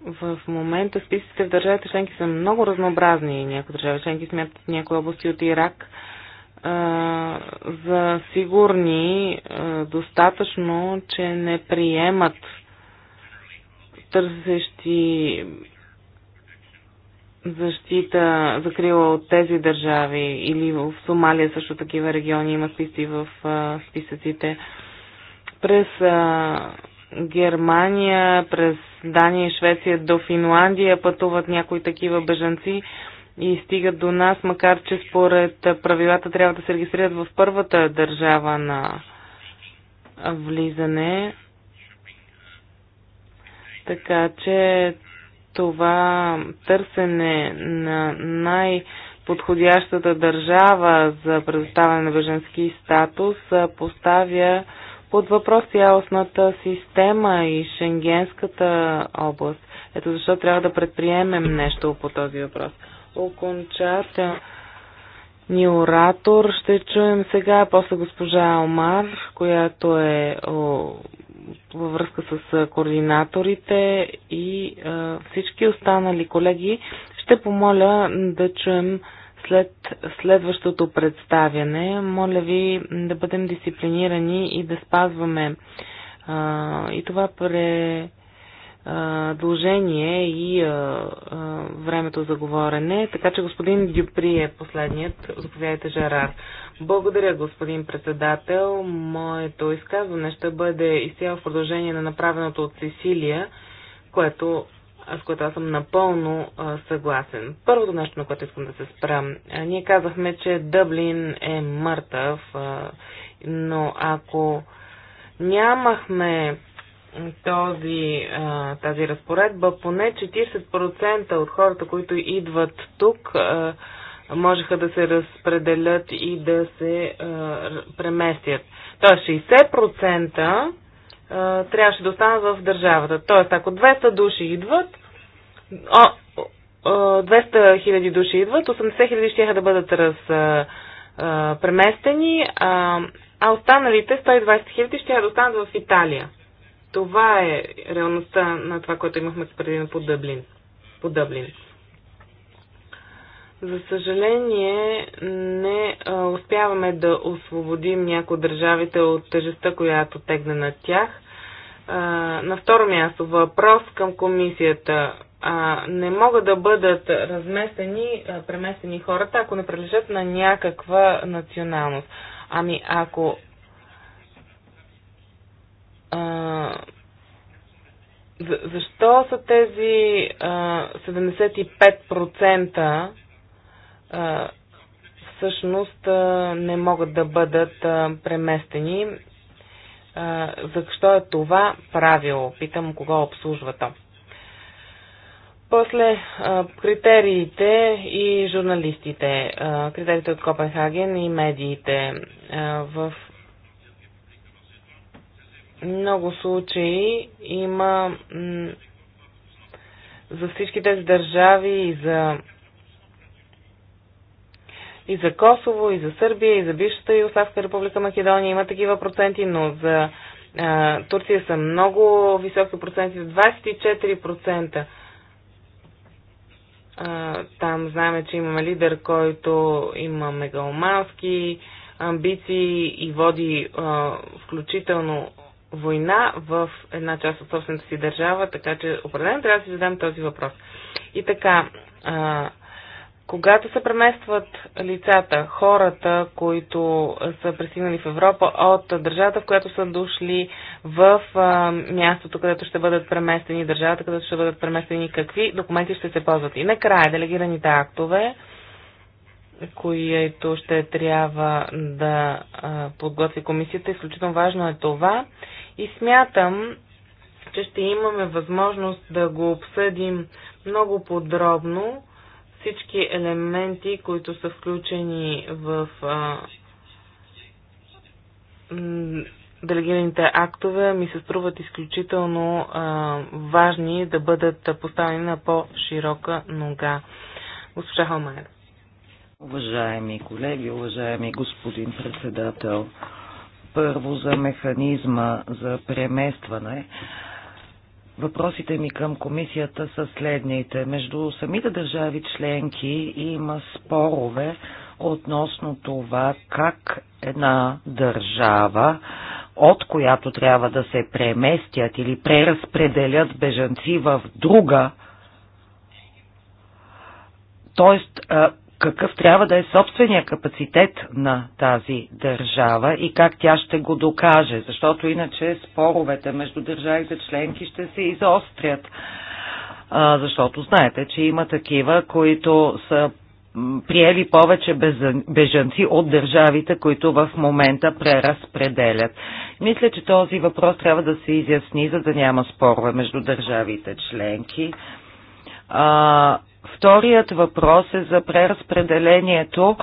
В момента списъците в държавите членки са много разнообразни. Някои държави членки смятат някои области от Ирак а, за сигурни а, достатъчно, че не приемат търсещи защита, закрила от тези държави или в Сомалия също такива региони има списъци в а, списъците. През а, Германия, през Дания и Швеция до Финландия пътуват някои такива бежанци и стигат до нас, макар че според правилата трябва да се регистрират в първата държава на влизане. Така че това търсене на най- подходящата държава за предоставяне на беженски статус поставя под въпрос цялостната система и шенгенската област. Ето защо трябва да предприемем нещо по този въпрос. Окончателни оратор ще чуем сега, после госпожа Алмар, която е във връзка с координаторите и всички останали колеги. Ще помоля да чуем след следващото представяне. Моля ви да бъдем дисциплинирани и да спазваме и това пре дължение и а, а, времето за говорене. Така че господин Дюпри е последният. Заповядайте, Жерар. Благодаря, господин председател. Моето изказване ще бъде изцяло в продължение на направеното от Сесилия, което, с което аз съм напълно а, съгласен. Първото нещо, на което искам да се спра. А, ние казахме, че Дъблин е мъртъв, а, но ако нямахме този, а, тази разпоредба, поне 40% от хората, които идват тук, а, можеха да се разпределят и да се а, преместят. Тоест 60% а, трябваше да останат в държавата. Тоест ако 200 души идват, о, 200 000 души идват, 80 000 ще да бъдат раз, а, а, преместени, а, а останалите 120 000 ще да останат в Италия. Това е реалността на това, което имахме преди по Дъблин. По Дъблин. За съжаление, не успяваме да освободим някои държавите от тежестта, която тегне на тях. На второ място въпрос към комисията. Не могат да бъдат разместени, преместени хората, ако не прилежат на някаква националност. Ами ако защо са тези а, 75% всъщност не могат да бъдат преместени. Защо е това правило? Питам кого обслужва то. После критериите и журналистите, критериите от Копенхаген и медиите. В много случаи има за всички тези държави и за и за Косово, и за Сърбия, и за бившата Югославска република Македония има такива проценти, но за а, Турция са много високи проценти, 24%. А, там знаем, че имаме лидер, който има мегалмански амбиции и води а, включително война в една част от собствената си държава, така че определено трябва да си задам този въпрос. И така, а, когато се преместват лицата, хората, които са пристигнали в Европа от държавата, в която са дошли, в а, мястото, където ще бъдат преместени, държавата, където ще бъдат преместени, какви документи ще се ползват. И накрая делегираните актове, които ще трябва да а, подготви комисията. Изключително важно е това. И смятам, че ще имаме възможност да го обсъдим много подробно всички елементи, които са включени в а, делегираните актове, ми се струват изключително а, важни да бъдат поставени на по-широка нога. Госпожа Холмайер. Уважаеми колеги, уважаеми господин председател, първо за механизма за преместване. Въпросите ми към комисията са следните. Между самите държави членки има спорове относно това как една държава, от която трябва да се преместят или преразпределят бежанци в друга, т.е какъв трябва да е собствения капацитет на тази държава и как тя ще го докаже, защото иначе споровете между държавите членки ще се изострят. А, защото знаете, че има такива, които са приели повече бежанци от държавите, които в момента преразпределят. Мисля, че този въпрос трябва да се изясни, за да няма спорове между държавите членки. А, Вторият въпрос е за преразпределението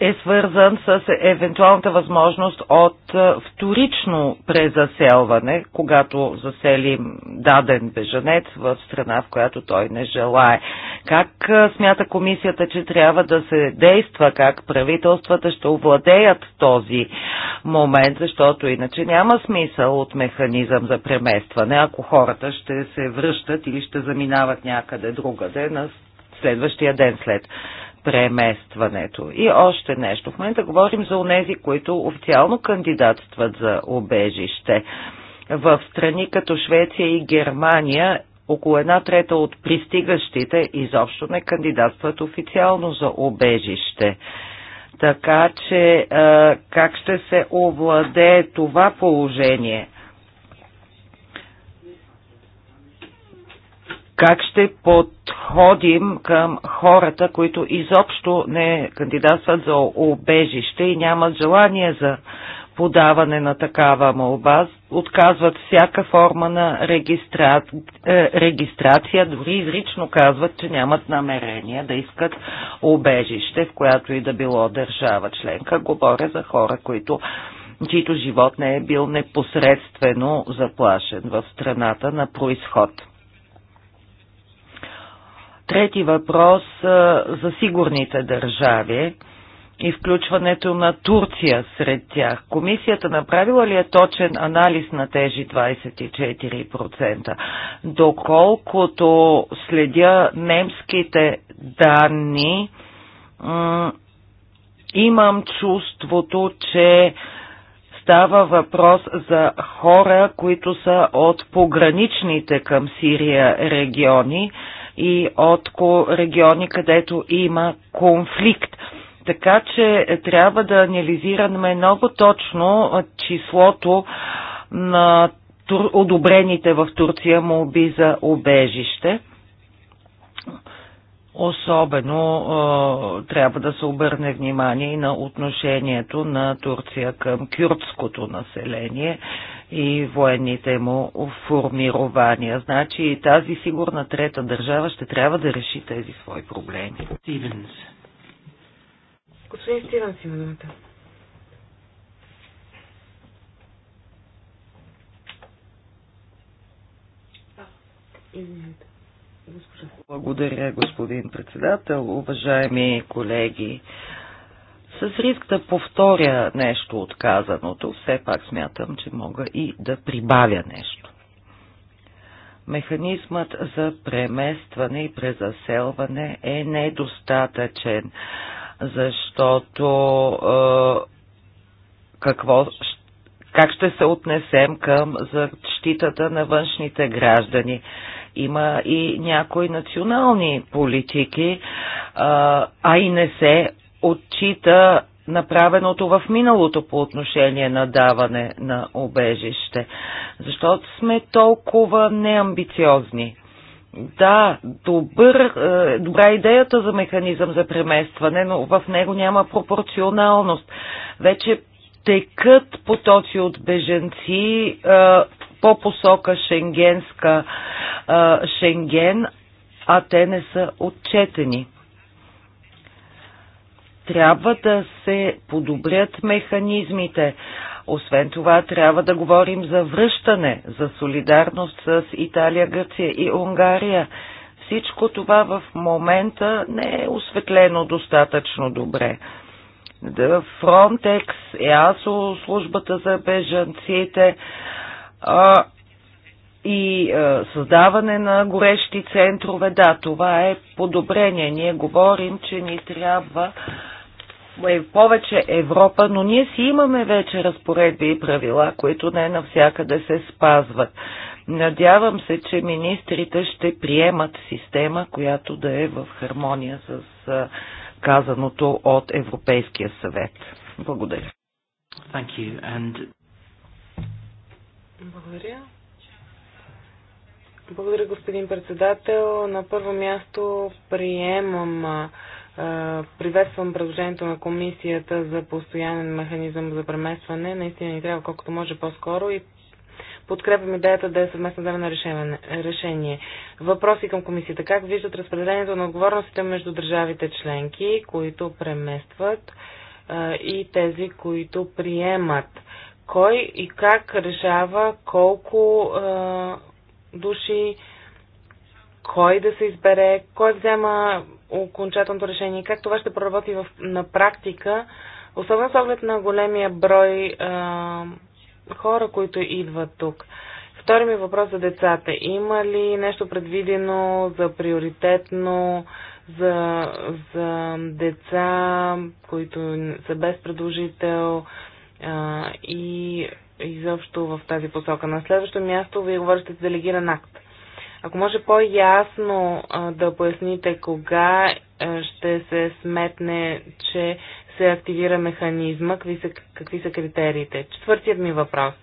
е свързан с евентуалната възможност от е, вторично презаселване, когато заселим даден беженец в страна, в която той не желае. Как е, смята комисията, че трябва да се действа, как правителствата ще овладеят този момент, защото иначе няма смисъл от механизъм за преместване, ако хората ще се връщат или ще заминават някъде другаде на следващия ден след преместването. И още нещо. В момента говорим за онези, които официално кандидатстват за обежище. В страни като Швеция и Германия около една трета от пристигащите изобщо не кандидатстват официално за обежище. Така че как ще се овладее това положение – как ще подходим към хората, които изобщо не кандидатстват за обежище и нямат желание за подаване на такава молба, отказват всяка форма на регистра... Е, регистрация, дори изрично казват, че нямат намерение да искат обежище, в която и да било държава членка. Говоря за хора, които чието живот не е бил непосредствено заплашен в страната на происход. Трети въпрос за сигурните държави и включването на Турция сред тях. Комисията направила ли е точен анализ на тези 24%? Доколкото следя немските данни, имам чувството, че става въпрос за хора, които са от пограничните към Сирия региони, и от региони, където има конфликт. Така че е, трябва да анализираме много точно е, числото на одобрените в Турция молби за обежище. Особено е, трябва да се обърне внимание и на отношението на Турция към кюрдското население и военните му формирования. Значи тази сигурна трета държава ще трябва да реши тези свои проблеми. Стивенс. Господин Стивенс има думата. Благодаря, господин председател. Уважаеми колеги, с риск да повторя нещо от казаното, все пак смятам, че мога и да прибавя нещо. Механизмът за преместване и презаселване е недостатъчен, защото е, какво как ще се отнесем към защитата на външните граждани. Има и някои национални политики, е, а и не се отчита направеното в миналото по отношение на даване на обежище. Защото сме толкова неамбициозни. Да, добър, е, добра идеята за механизъм за преместване, но в него няма пропорционалност. Вече текат потоци от беженци е, по посока Шенгенска, е, Шенген, а те не са отчетени. Трябва да се подобрят механизмите. Освен това, трябва да говорим за връщане, за солидарност с Италия, Гърция и Унгария. Всичко това в момента не е осветлено достатъчно добре. Фронтекс, ЕАСО, службата за бежанците а, и а, създаване на горещи центрове. Да, това е подобрение. Ние говорим, че ни трябва е повече Европа, но ние си имаме вече разпоредби и правила, които не навсякъде се спазват. Надявам се, че министрите ще приемат система, която да е в хармония с казаното от Европейския съвет. Благодаря. Thank you. And... Благодаря. Благодаря, господин председател. На първо място приемам приветствам предложението на комисията за постоянен механизъм за преместване. Наистина ни трябва колкото може по-скоро и подкрепям идеята да е съвместно време на решение. Въпроси към комисията. Как виждат разпределението на отговорностите между държавите членки, които преместват и тези, които приемат? Кой и как решава колко души, кой да се избере, кой взема окончателното решение и как това ще проработи в, на практика, особено с оглед на големия брой а, хора, които идват тук. Втори ми въпрос за децата. Има ли нещо предвидено за приоритетно за, за деца, които са без предложител а, и изобщо в тази посока? На следващо място вие говорите за делегиран акт. Ако може по-ясно да поясните кога ще се сметне, че се активира механизма, какви са, какви са критериите. Четвъртият ми въпрос.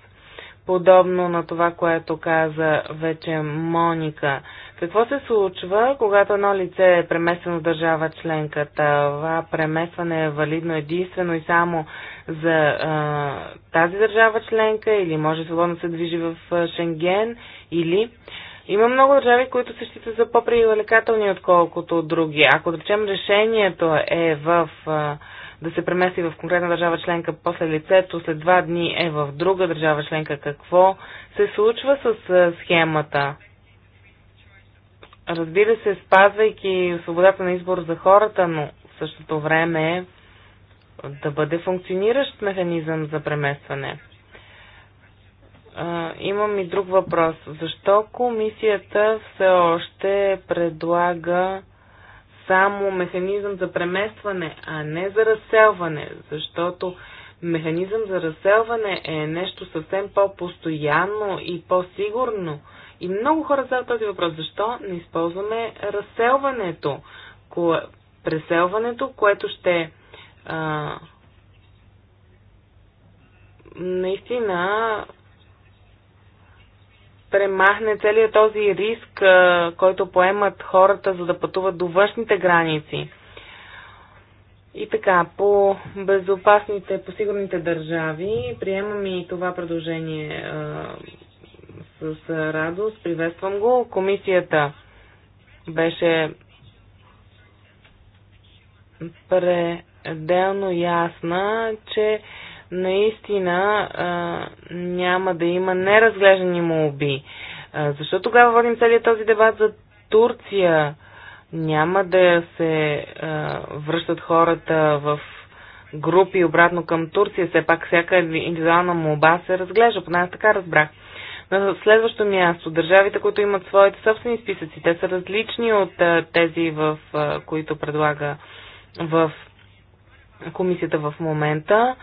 Подобно на това, което каза вече Моника. Какво се случва, когато едно лице е преместено в държава членка? Това преместване е валидно единствено и само за а, тази държава членка или може свободно се движи в Шенген или има много държави, които същите са по-привлекателни, отколкото от други. Ако, да речем, решението е в, да се премести в конкретна държава членка, после лицето след два дни е в друга държава членка, какво се случва с схемата? Разбира се, спазвайки свободата на избор за хората, но в същото време е да бъде функциониращ механизъм за преместване имам и друг въпрос. Защо комисията все още предлага само механизъм за преместване, а не за разселване? Защото механизъм за разселване е нещо съвсем по-постоянно и по-сигурно. И много хора задават този въпрос. Защо не използваме разселването? преселването, което ще а, наистина премахне целият този риск, който поемат хората, за да пътуват до външните граници. И така, по безопасните, по сигурните държави, приемам и това предложение а, с радост, приветствам го. Комисията беше пределно ясна, че наистина а, няма да има неразглеждани молби. А, защо тогава водим целият този дебат за Турция? Няма да се а, връщат хората в групи обратно към Турция. Все пак всяка индивидуална молба се разглежда. Поне аз така разбрах. На следващо място, държавите, които имат своите собствени списъци, те са различни от а, тези, в а, които предлага в комисията в момента. А,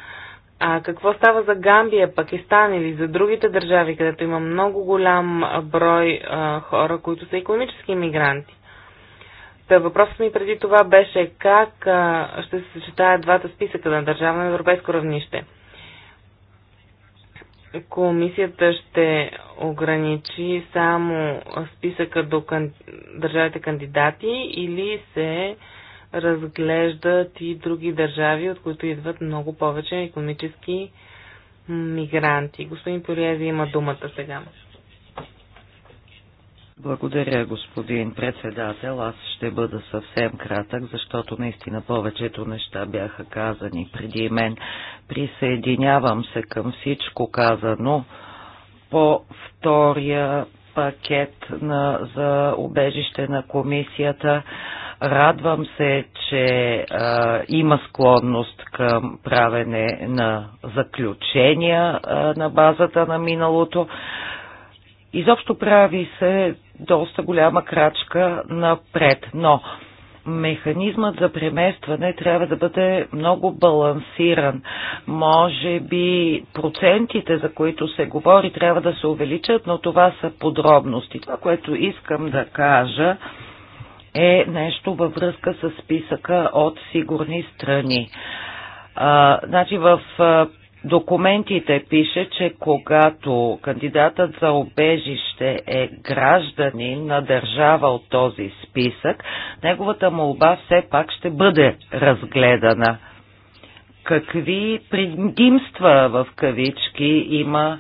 а какво става за Гамбия, Пакистан или за другите държави, където има много голям брой а, хора, които са економически мигранти? Та въпросът ми преди това беше как а, ще се съчетаят двата списъка на държавно на европейско равнище. Комисията ще ограничи само списъка до кан... държавите кандидати или се а, разглеждат и други държави, от които идват много повече економически мигранти. Господин Пориези има думата сега. Благодаря, господин председател. Аз ще бъда съвсем кратък, защото наистина повечето неща бяха казани преди мен. Присъединявам се към всичко казано по втория пакет на, за убежище на комисията. Радвам се, че а, има склонност към правене на заключения а, на базата на миналото. Изобщо прави се доста голяма крачка напред, но механизмът за преместване трябва да бъде много балансиран. Може би процентите, за които се говори, трябва да се увеличат, но това са подробности. Това, което искам да кажа, е нещо във връзка с списъка от сигурни страни. А, значи в документите пише, че когато кандидатът за обежище е гражданин на държава от този списък, неговата молба все пак ще бъде разгледана. Какви предимства в кавички има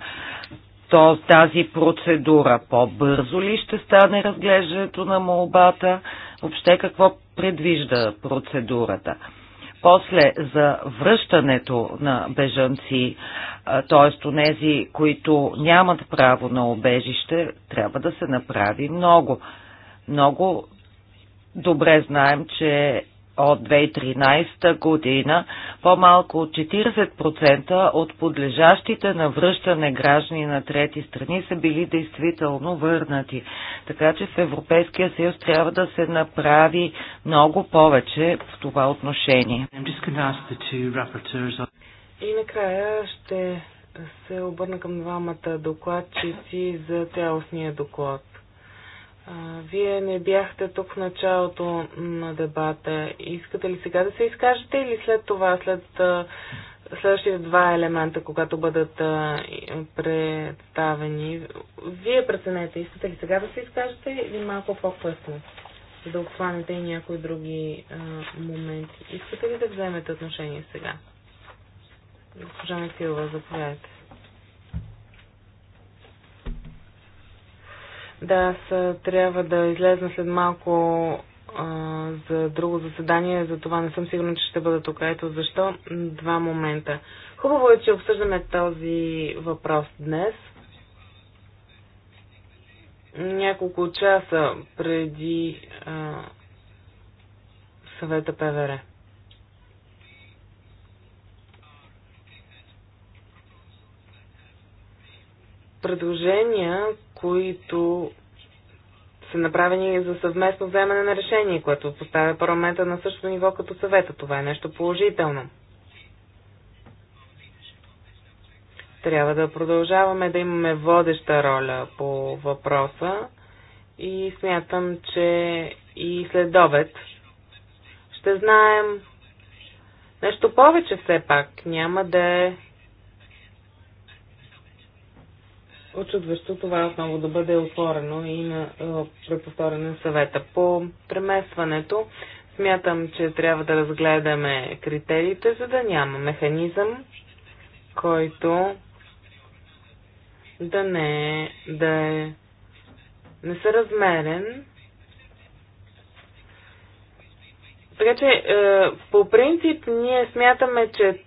то, тази процедура? По-бързо ли ще стане разглеждането на молбата? Въобще какво предвижда процедурата? После за връщането на бежанци, т.е. онези, които нямат право на обежище, трябва да се направи много. Много добре знаем, че от 2013 година по-малко от 40% от подлежащите на връщане граждани на трети страни са били действително върнати. Така че в Европейския съюз трябва да се направи много повече в това отношение. И накрая ще се обърна към двамата докладчици за цялостния доклад. Вие не бяхте тук в началото на дебата. Искате ли сега да се изкажете или след това, след следващите два елемента, когато бъдат представени? Вие преценете, искате ли сега да се изкажете или малко по-късно, за да обхванете и някои други моменти? Искате ли да вземете отношение сега? Госпожа Насилова, заповядайте. Да, аз трябва да излезна след малко а, за друго заседание, за това не съм сигурна, че ще бъда тук. Ето защо. Два момента. Хубаво е, че обсъждаме този въпрос днес. Няколко часа преди а, съвета ПВР. предложения, които са направени за съвместно вземане на решение, което поставя парламента на същото ниво като съвета. Това е нещо положително. Трябва да продължаваме да имаме водеща роля по въпроса и смятам, че и след обед ще знаем нещо повече все пак. Няма да е очудващо това отново да бъде отворено и на е, на съвета. По преместването смятам, че трябва да разгледаме критериите, за да няма механизъм, който да не е, да е несъразмерен Така че, е, по принцип, ние смятаме, че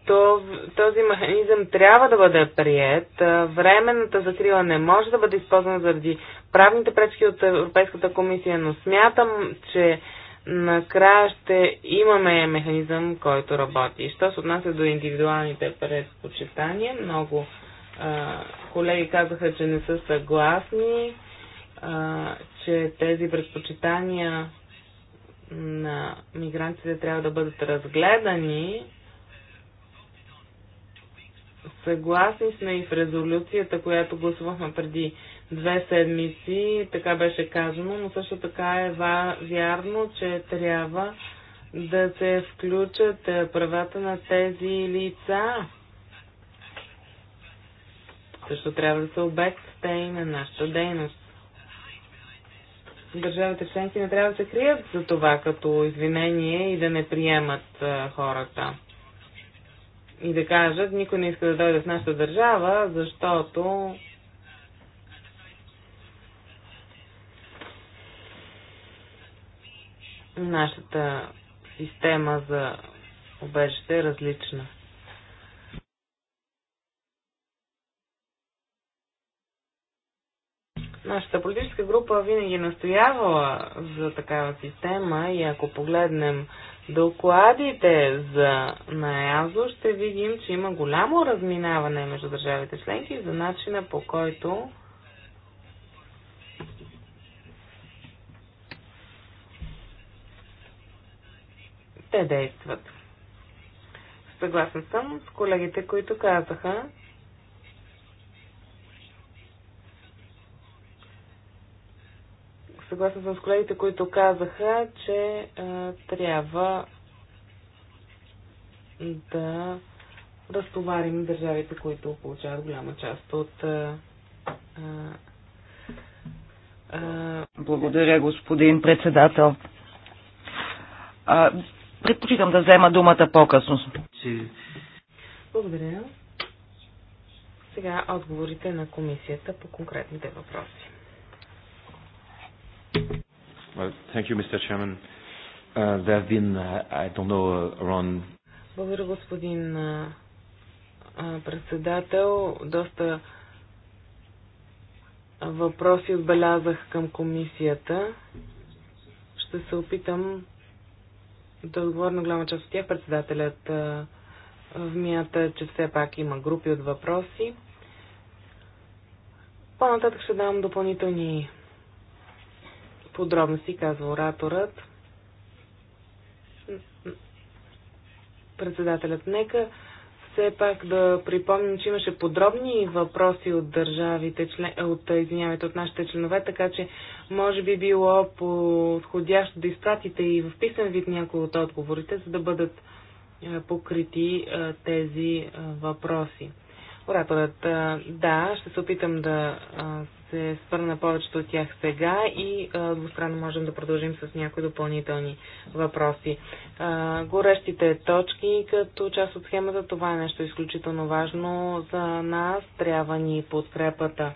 този механизъм трябва да бъде прият. Е, временната закрила не може да бъде използвана заради правните пречки от Европейската комисия, но смятам, че накрая ще имаме механизъм, който работи. Що се отнася до индивидуалните предпочитания, много е, колеги казаха, че не са съгласни, че тези предпочитания на мигрантите трябва да бъдат разгледани. Съгласни сме и в резолюцията, която гласувахме преди две седмици, така беше казано, но също така е вярно, че трябва да се включат е, правата на тези лица. Също трябва да са обект те и на нашата дейност държавите членки не трябва да се крият за това като извинение и да не приемат а, хората. И да кажат, никой не иска да дойде в нашата държава, защото нашата система за обежище е различна. Нашата политическа група винаги е настоявала за такава система и ако погледнем докладите за наязо, ще видим, че има голямо разминаване между държавите членки за начина по който те действат. Съгласна съм с колегите, които казаха, съгласна съм с колегите, които казаха, че а, трябва да разтоварим държавите, които получават голяма част от. А, а... Благодаря, господин председател. А, предпочитам да взема думата по-късно. Благодаря. Сега отговорите на комисията по конкретните въпроси. Well, thank you, Mr. Chairman. Uh, there have been, uh, I don't know, uh, around... Благодаря, господин uh, председател. Доста въпроси отбелязах към комисията. Ще се опитам да отговоря на голяма част от тях. Председателят uh, вмята, че все пак има групи от въпроси. По-нататък ще давам допълнителни подробности, казва ораторът. Председателят, нека все пак да припомним, че имаше подробни въпроси от държавите, от, извинявайте, от нашите членове, така че може би било подходящо да изпратите и в писан вид някои от отговорите, за да бъдат е, покрити е, тези е, въпроси. Ораторът, да, ще се опитам да се спра на повечето от тях сега и а, двустранно можем да продължим с някои допълнителни въпроси. А, горещите точки като част от схемата, това е нещо изключително важно за нас. Трябва ни подкрепата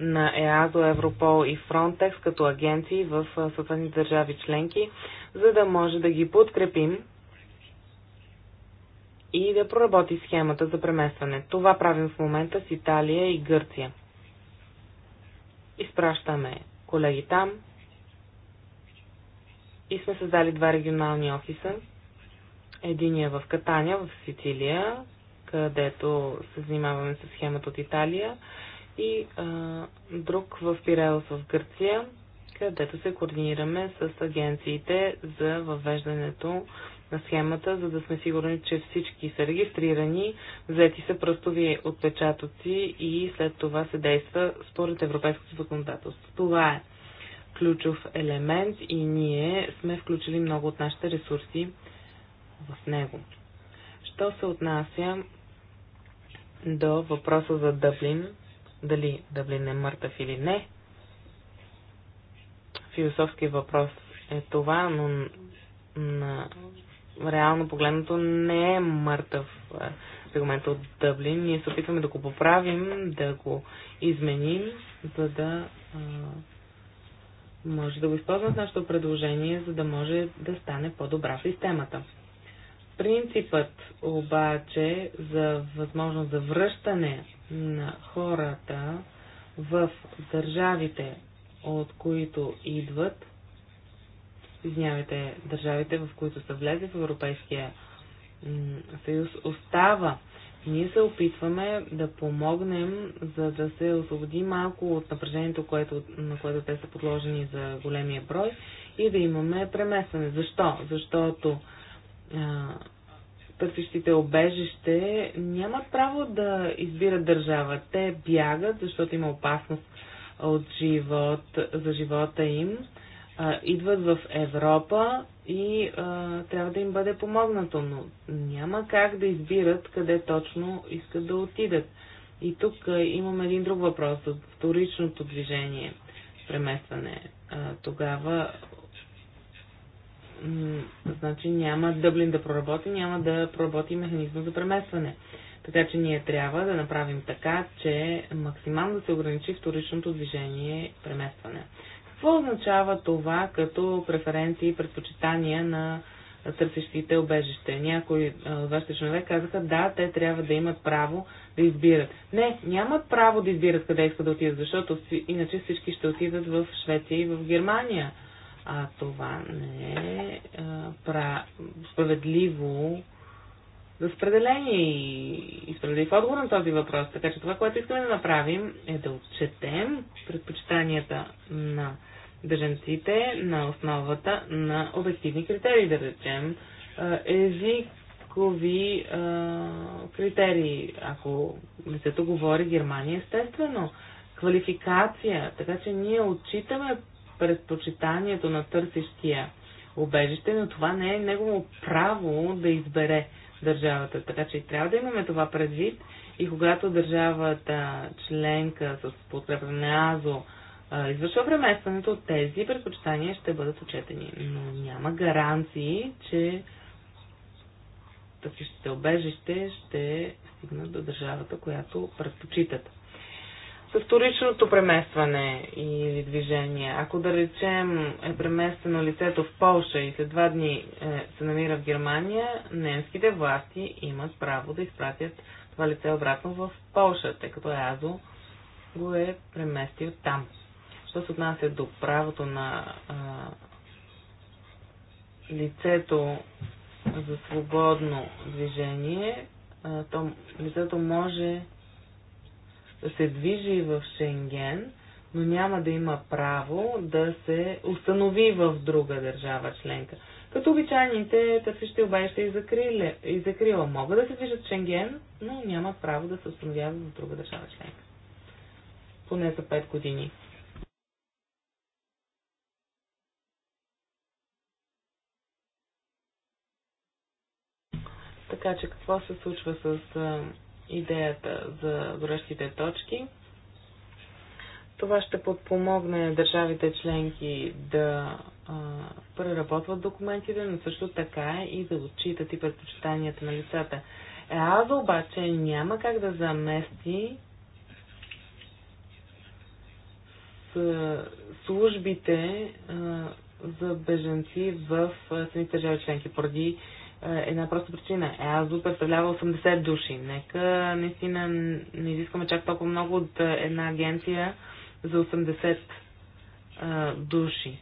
на ЕАЗО, Европол и Фронтекс като агенции в съответните държави членки, за да може да ги подкрепим и да проработи схемата за преместване. Това правим в момента с Италия и Гърция. Изпращаме колеги там и сме създали два регионални офиса. Единия е в Катания, в Сицилия, където се занимаваме с схемата от Италия, и а, друг в Пиреос в Гърция, където се координираме с агенциите за въвеждането на схемата, за да сме сигурни, че всички са регистрирани, взети са пръстови отпечатъци и след това се действа според европейското законодателство. Това е ключов елемент и ние сме включили много от нашите ресурси в него. Що се отнася до въпроса за Дъблин, дали Дъблин е мъртъв или не, философски въпрос е това, но на реално погледнато не е мъртъв е, регламент от Дъблин. Ние се опитваме да го поправим, да го изменим, за да а, може да го използват нашето предложение, за да може да стане по-добра системата. Принципът обаче за възможност за връщане на хората в държавите, от които идват, Извинявайте, държавите, в които са влезли в Европейския съюз, остава. Ние се опитваме да помогнем, за да се освободи малко от напрежението, което, на което те са подложени за големия брой и да имаме преместване. Защо? Защото а, търсещите обежище нямат право да избират държава. Те бягат, защото има опасност от живот, за живота им а, идват в Европа и а, трябва да им бъде помогнато, но няма как да избират къде точно искат да отидат. И тук а, имам един друг въпрос от вторичното движение, преместване. А, тогава значи няма Дъблин да проработи, няма да проработи механизма за преместване. Така че ние трябва да направим така, че максимално да се ограничи вторичното движение преместване. Какво означава това като преференции и предпочитания на търсещите обежище? Някои е, от вашите членове казаха, да, те трябва да имат право да избират. Не, нямат право да избират къде искат да отидат, защото иначе всички ще отидат в Швеция и в Германия. А това не е, е пра... справедливо разпределение и справедлив отговор на този въпрос. Така че това, което искаме да направим е да отчетем предпочитанията на беженците на основата на обективни критерии, да речем, езикови критерии. Ако лицето говори Германия, естествено, квалификация, така че ние отчитаме предпочитанието на търсещия убежище, но това не е негово право да избере държавата. Така че трябва да имаме това предвид и когато държавата членка с подкрепа на АЗО извършва преместването, тези предпочитания ще бъдат отчетени. Но няма гаранции, че търсещите обежище ще стигнат до държавата, която предпочитат. С вторичното преместване или движение, ако да речем е преместено лицето в Полша и след два дни е, се намира в Германия, немските власти имат право да изпратят това лице обратно в Полша, тъй като Азо го е преместил там. Що се отнася до правото на а, лицето за свободно движение, а, то лицето може да се движи в Шенген, но няма да има право да се установи в друга държава членка. Като обичайните търсещи обаче и, и закрила могат да се движат в Шенген, но нямат право да се установяват в друга държава членка. Поне за 5 години. Така че какво се случва с а, идеята за връщите точки? Това ще подпомогне държавите членки да а, преработват документите, но също така и да отчитат и предпочитанията на лицата. ЕАЗа обаче няма как да замести с службите а, за беженци в самите държави членки, поради а, е, една проста причина. Еазо представлява 80 души. Нека наистина не изискаме чак толкова много от е, една агенция за 80 а, души.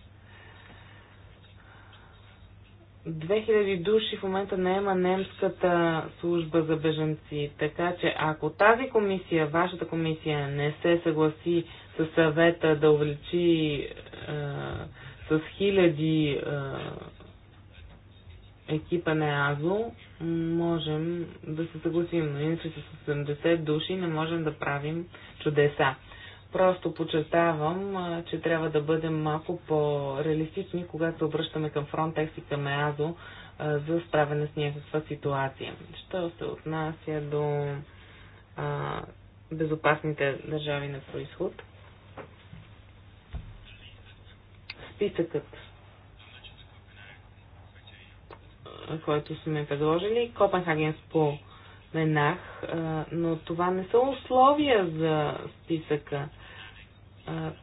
2000 души в момента не има немската служба за бежанци. Така че ако тази комисия, вашата комисия, не се съгласи с съвета да увеличи а, с хиляди екипа на Азо, можем да се съгласим, но иначе с 80 души не можем да правим чудеса. Просто подчертавам, че трябва да бъдем малко по-реалистични, когато се обръщаме към Frontex и към ЕАЗО за справяне с някаква ситуация. Що се отнася до а, безопасните държави на происход? Списъкът който сме предложили. Копенхаген споменах, но това не са условия за списъка.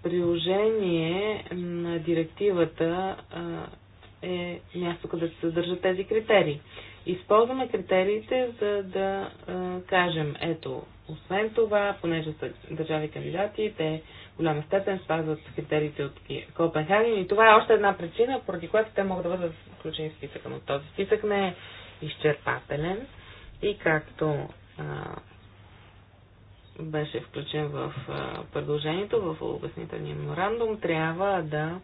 Приложение на директивата е място, където се съдържат тези критерии. Използваме критериите, за да кажем, ето, освен това, понеже са държави кандидати, те голяма степен спазват е критериите от Копенхаген и това е още една причина, поради която те могат да бъдат включени в списъка, но този списък не е изчерпателен и както а, беше включен в а, предложението, в обяснителния меморандум, трябва да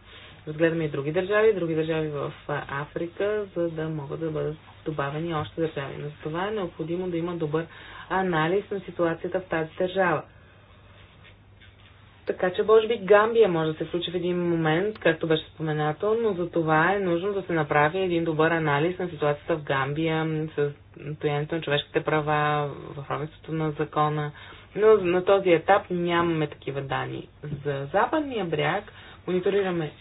разгледаме и други държави, други държави в Африка, за да могат да бъдат добавени още държави. Но за това е необходимо да има добър анализ на ситуацията в тази държава. Така че, може би, Гамбия може да се включи в един момент, както беше споменато, но за това е нужно да се направи един добър анализ на ситуацията в Гамбия, с състоянието на човешките права, равенството на закона. Но на този етап нямаме такива данни. За западния бряг мониторираме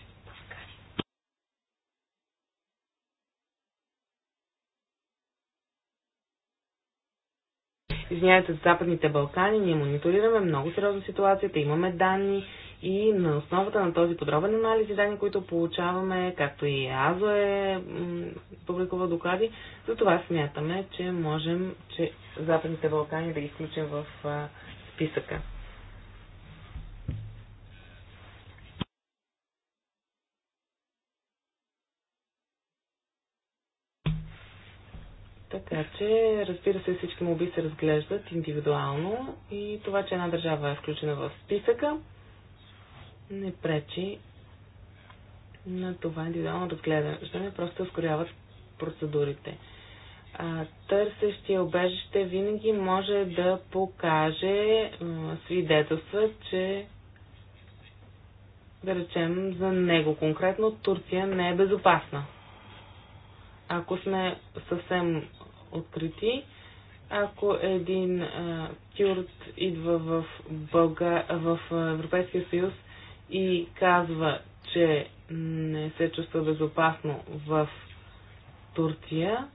извинявайте, за Западните Балкани, ние мониторираме много сериозно ситуацията, имаме данни и на основата на този подробен анализ и данни, които получаваме, както и АЗО е публикувал доклади, за това смятаме, че можем, че Западните Балкани да ги включим в списъка. Така че, разбира се, всички моби се разглеждат индивидуално и това, че една държава е включена в списъка, не пречи на това индивидуално разглеждане, просто ускоряват процедурите. А, търсещия обежище винаги може да покаже свидетелства, че да речем за него конкретно Турция не е безопасна. Ако сме съвсем открити. Ако един а, кюрд идва в, Бълга... в Европейския съюз и казва, че не се чувства безопасно в Турция,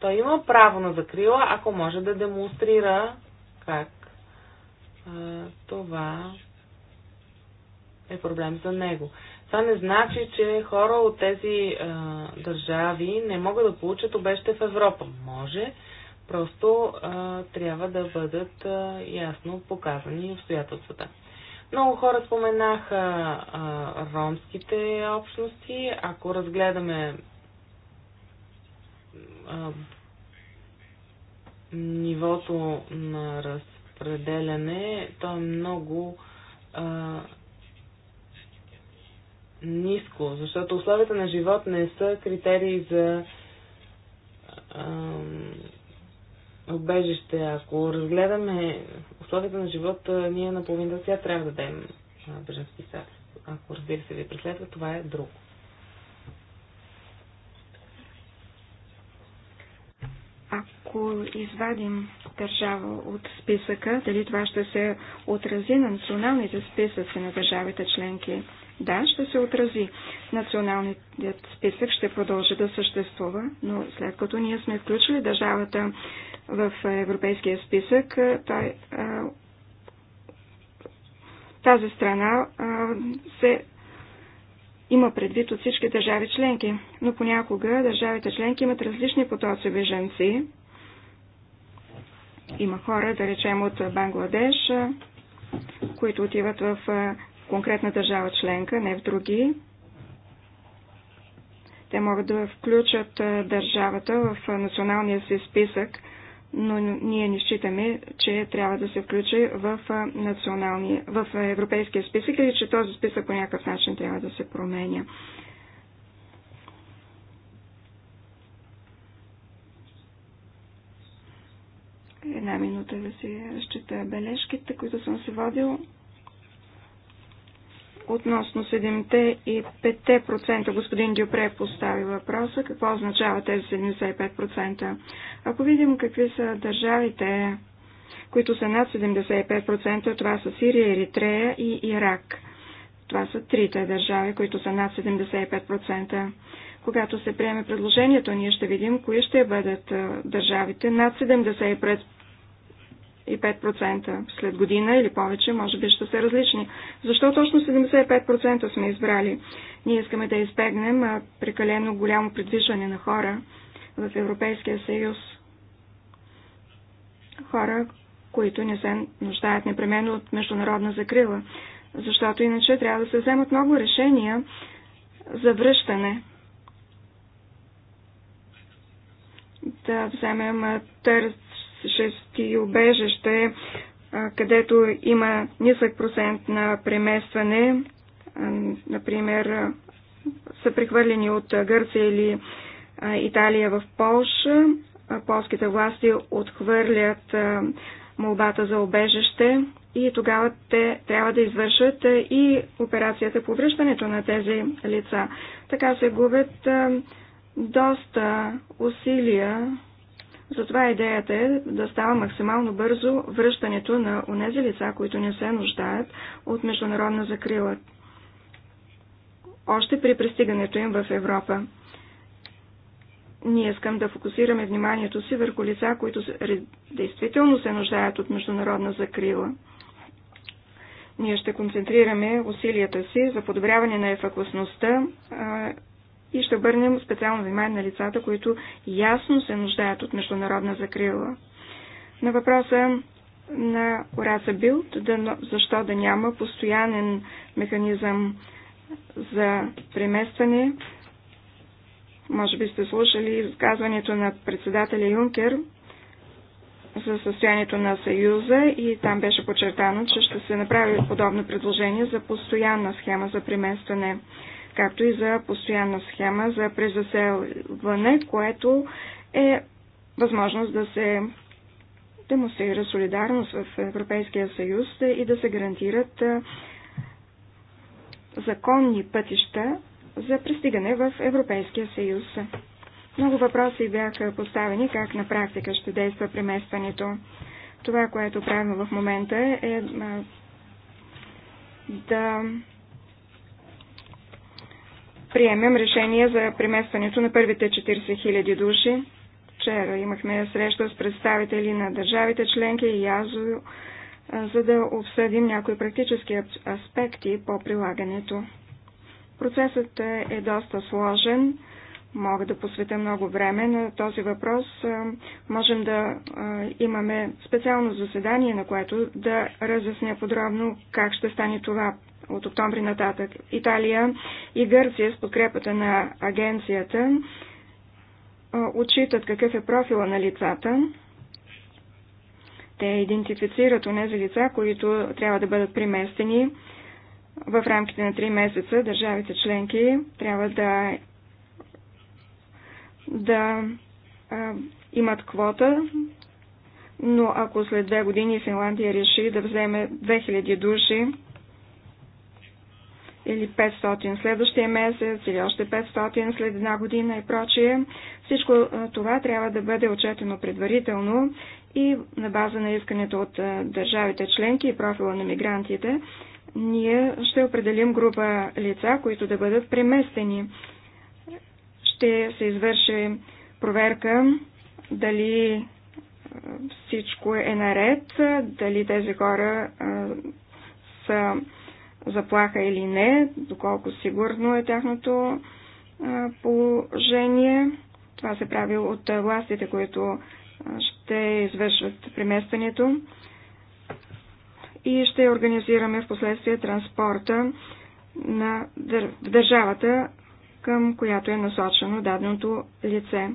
той има право на закрила, ако може да демонстрира как а, това е проблем за него. Това не значи, че хора от тези а, държави не могат да получат обеще в Европа. Може, просто а, трябва да бъдат а, ясно показани обстоятелствата. Много хора споменаха а, ромските общности. Ако разгледаме а, нивото на разпределяне, то е много а, ниско, защото условията на живот не са критерии за ам, обежище. Ако разгледаме условията на живота, ние на половината сега трябва да дадем беженски статус. Ако разбира се ви преследва, това е друго. ако извадим държава от списъка, дали това ще се отрази на националните списъци на държавите членки. Да, ще се отрази. Националният списък ще продължи да съществува, но след като ние сме включили държавата в европейския списък, той, тази страна се има предвид от всички държави членки, но понякога държавите членки имат различни потоци беженци. Има хора, да речем, от Бангладеш, които отиват в конкретна държава членка, не в други. Те могат да включат държавата в националния си списък, но ние не считаме, че трябва да се включи в, в европейския списък или че този списък по някакъв начин трябва да се променя. Една минута да си разчита бележките, които съм се водил. Относно 7 и 5%, господин Дюпре постави въпроса, какво означава тези 75%. Ако видим какви са държавите, които са над 75%, това са Сирия, Еритрея и Ирак. Това са трите държави, които са над 75%. Когато се приеме предложението, ние ще видим кои ще бъдат държавите над 75%, 75%. След година или повече, може би ще са различни. Защо точно 75% сме избрали? Ние искаме да избегнем прекалено голямо придвижване на хора в Европейския съюз. Хора, които не се нуждаят непременно от международна закрила, защото иначе трябва да се вземат много решения за връщане. Да вземем търс 6 убежище, където има нисък процент на преместване, например са прехвърлени от Гърция или Италия в Полша. Полските власти отхвърлят молбата за обежище и тогава те трябва да извършат и операцията по връщането на тези лица. Така се губят доста усилия затова идеята е да става максимално бързо връщането на онези лица, които не се нуждаят от международна закрила. Още при пристигането им в Европа. Ние искам да фокусираме вниманието си върху лица, които действително се нуждаят от международна закрила. Ние ще концентрираме усилията си за подобряване на ефакусността и ще обърнем специално внимание на лицата, които ясно се нуждаят от международна закрила. На въпроса на Ораса Билд, да, защо да няма постоянен механизъм за преместване. Може би сте слушали изказването на председателя Юнкер за състоянието на Съюза и там беше подчертано, че ще се направи подобно предложение за постоянна схема за преместване както и за постоянна схема за презаселване, което е възможност да се демонстрира солидарност в Европейския съюз и да се гарантират законни пътища за пристигане в Европейския съюз. Много въпроси бяха поставени как на практика ще действа преместването. Това, което правим в момента е да приемем решение за преместването на първите 40 000 души. Вчера имахме среща с представители на държавите членки и язо, за да обсъдим някои практически аспекти по прилагането. Процесът е, е доста сложен. Мога да посветя много време на този въпрос. Можем да имаме специално заседание, на което да разясня подробно как ще стане това от октомври нататък. Италия и Гърция с подкрепата на агенцията отчитат какъв е профила на лицата. Те идентифицират онези лица, които трябва да бъдат приместени в рамките на 3 месеца. Държавите членки трябва да, да а, имат квота, но ако след две години Финландия реши да вземе 2000 души, или 500 следващия месец, или още 500 след една година и прочие. Всичко това трябва да бъде отчетено предварително и на база на искането от държавите членки и профила на мигрантите, ние ще определим група лица, които да бъдат преместени. Ще се извърши проверка дали всичко е наред, дали тези хора са заплаха или не, доколко сигурно е тяхното положение. Това се прави от властите, които ще извършват преместването и ще организираме в последствие транспорта на в държавата, към която е насочено даденото лице.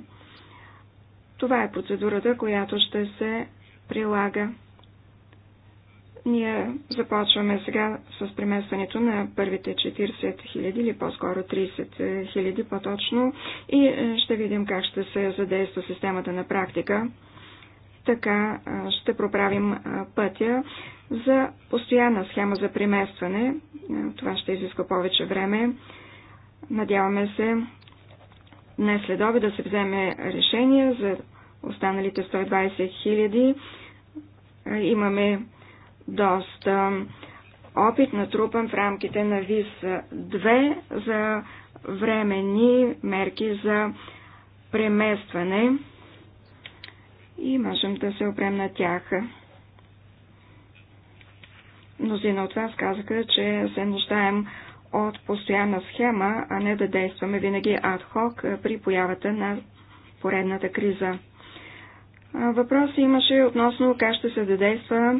Това е процедурата, която ще се прилага. Ние започваме сега с преместването на първите 40 000 или по-скоро 30 000 по-точно и е, ще видим как ще се задейства системата на практика. Така е, ще проправим е, пътя за постоянна схема за преместване. Това ще изисква повече време. Надяваме се днес след обед да се вземе решение за останалите 120 000. Имаме доста опит натрупан в рамките на ВИС-2 за временни мерки за преместване и можем да се опрем на тях. Мнозина от вас казаха, че се нуждаем от постоянна схема, а не да действаме винаги адхок при появата на поредната криза. Въпроси имаше относно как ще се задейства да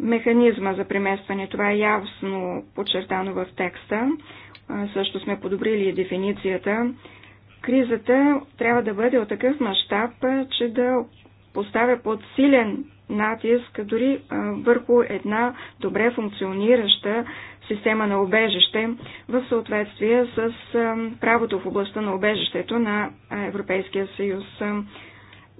механизма за преместване. Това е ясно подчертано в текста. Също сме подобрили дефиницията. Кризата трябва да бъде от такъв мащаб, че да поставя под силен натиск дори върху една добре функционираща система на обежище в съответствие с правото в областта на обежището на Европейския съюз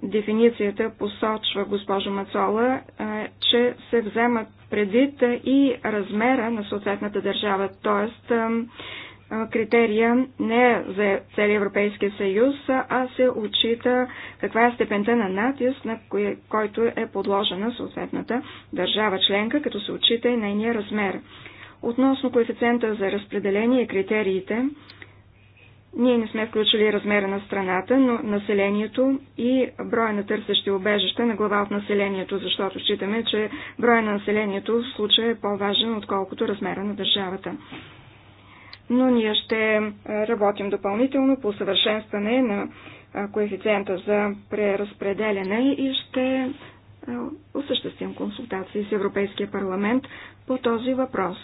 дефиницията посочва госпожа Мацола, е, че се вземат предвид и размера на съответната държава, т.е. критерия не е за целия Европейския съюз, а се отчита каква е степента на натиск, на който е подложена съответната държава членка, като се отчита и нейния размер. Относно коефициента за разпределение и критериите, ние не сме включили размера на страната, но населението и броя на търсещи обежища на глава от населението, защото считаме, че броя на населението в случая е по-важен, отколкото размера на държавата. Но ние ще работим допълнително по съвършенстване на коефициента за преразпределяне и ще осъществим консултации с Европейския парламент по този въпрос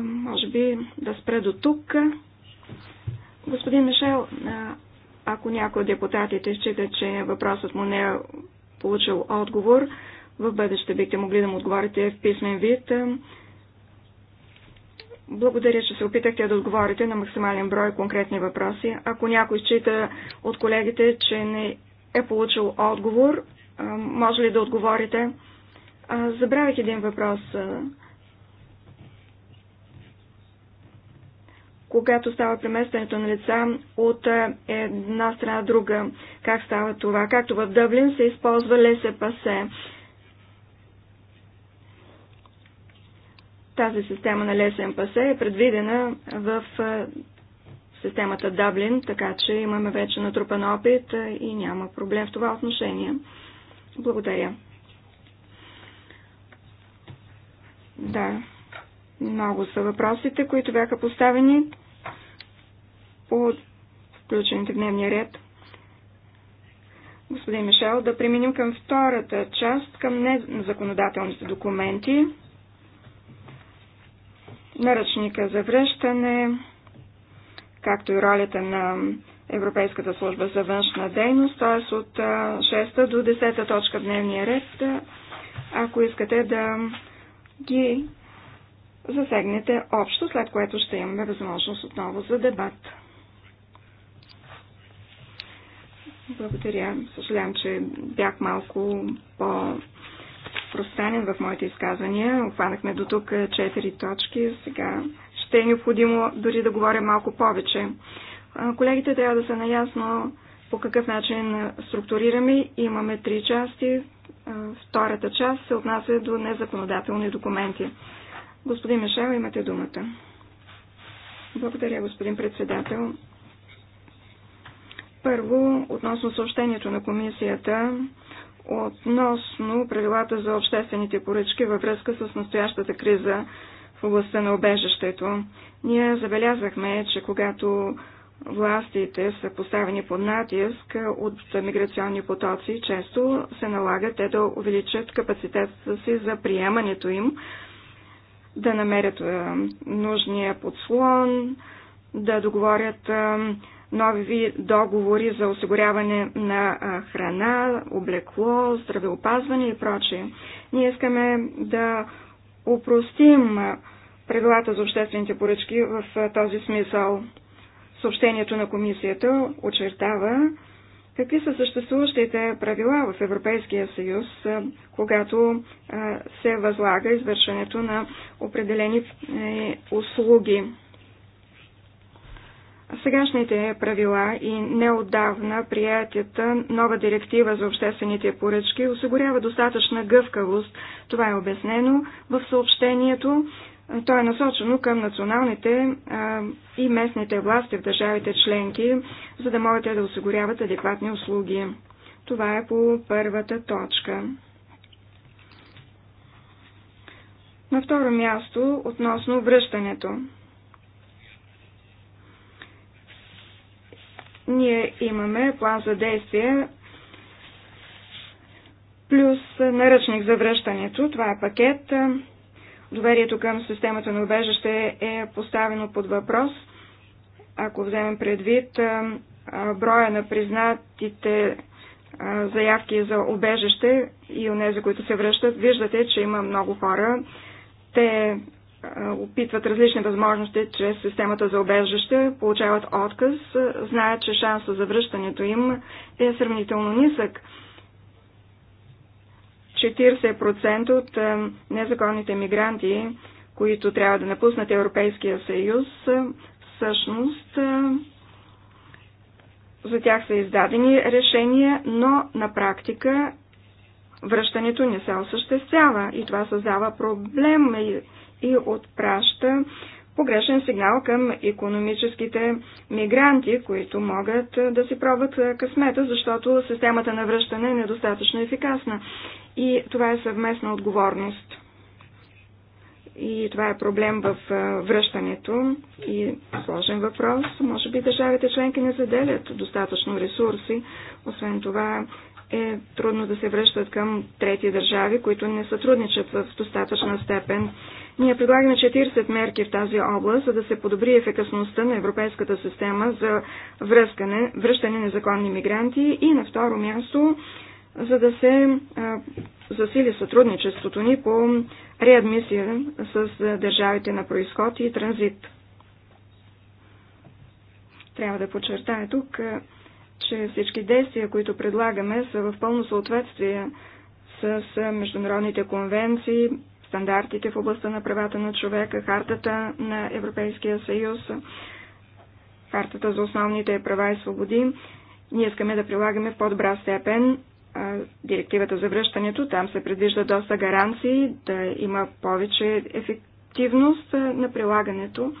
може би да спре до тук. Господин Мишел, ако някой от депутатите счита, че въпросът му не е получил отговор, в бъдеще бихте могли да му отговорите в писмен вид. Благодаря, че се опитахте да отговорите на максимален брой конкретни въпроси. Ако някой счита от колегите, че не е получил отговор, може ли да отговорите? Забравих един въпрос. когато става преместването на лица от е, една страна друга. Как става това? Както в Дъблин се използва лесе пасе. Тази система на лесен пасе е предвидена в е, системата Дъблин, така че имаме вече натрупан опит е, и няма проблем в това отношение. Благодаря. Да, много са въпросите, които бяха поставени по включените в дневния ред. Господин Мишел, да преминем към втората част, към незаконодателните документи, наръчника за връщане, както и ролята на Европейската служба за външна дейност, т.е. от 6 до 10 точка в дневния ред, ако искате да ги засегнете общо, след което ще имаме възможност отново за дебат. Благодаря. Съжалявам, че бях малко по-пространен в моите изказвания. Обхванахме до тук четири точки. Сега ще е необходимо дори да говоря малко повече. Колегите трябва да са наясно по какъв начин структурираме. Имаме три части. Втората част се отнася до незаконодателни документи. Господин Мишел, имате думата. Благодаря, господин председател. Първо, относно съобщението на комисията относно правилата за обществените поръчки във връзка с настоящата криза в областта на обежището. Ние забелязахме, че когато властите са поставени под натиск от миграционни потоци, често се налага те да увеличат капацитета си за приемането им, да намерят нужния подслон, да договорят нови договори за осигуряване на храна, облекло, здравеопазване и прочее. Ние искаме да упростим правилата за обществените поръчки в този смисъл. Съобщението на комисията очертава какви са съществуващите правила в Европейския съюз, когато се възлага извършването на определени е, услуги. Сегашните правила и неодавна приятията нова директива за обществените поръчки осигурява достатъчна гъвкавост. Това е обяснено в съобщението. То е насочено към националните а, и местните власти в държавите членки, за да могат те да осигуряват адекватни услуги. Това е по първата точка. На второ място относно връщането. Ние имаме план за действие плюс наръчник за връщането. Това е пакет. Доверието към системата на убежище е поставено под въпрос. Ако вземем предвид броя на признатите заявки за убежище и онези, които се връщат, виждате, че има много хора. Те опитват различни възможности чрез системата за обежище, получават отказ, знаят, че шанса за връщането им е сравнително нисък. 40% от незаконните мигранти, които трябва да напуснат Европейския съюз, всъщност за тях са издадени решения, но на практика връщането не се осъществява и това създава проблем и отпраща погрешен сигнал към економическите мигранти, които могат да си пробват късмета, защото системата на връщане е недостатъчно ефикасна. И това е съвместна отговорност. И това е проблем в връщането и сложен въпрос. Може би държавите членки не заделят достатъчно ресурси. Освен това е трудно да се връщат към трети държави, които не сътрудничат в достатъчна степен. Ние предлагаме 40 мерки в тази област, за да се подобри ефикасността на европейската система за връзкане, връщане на незаконни мигранти и на второ място, за да се засили сътрудничеството ни по реадмисия с държавите на происход и транзит. Трябва да подчертая тук, че всички действия, които предлагаме, са в пълно съответствие с международните конвенции, стандартите в областта на правата на човека, хартата на Европейския съюз, хартата за основните права и свободи. Ние искаме да прилагаме в по-добра степен директивата за връщането. Там се предвижда доста гаранции, да има повече ефективност на прилагането.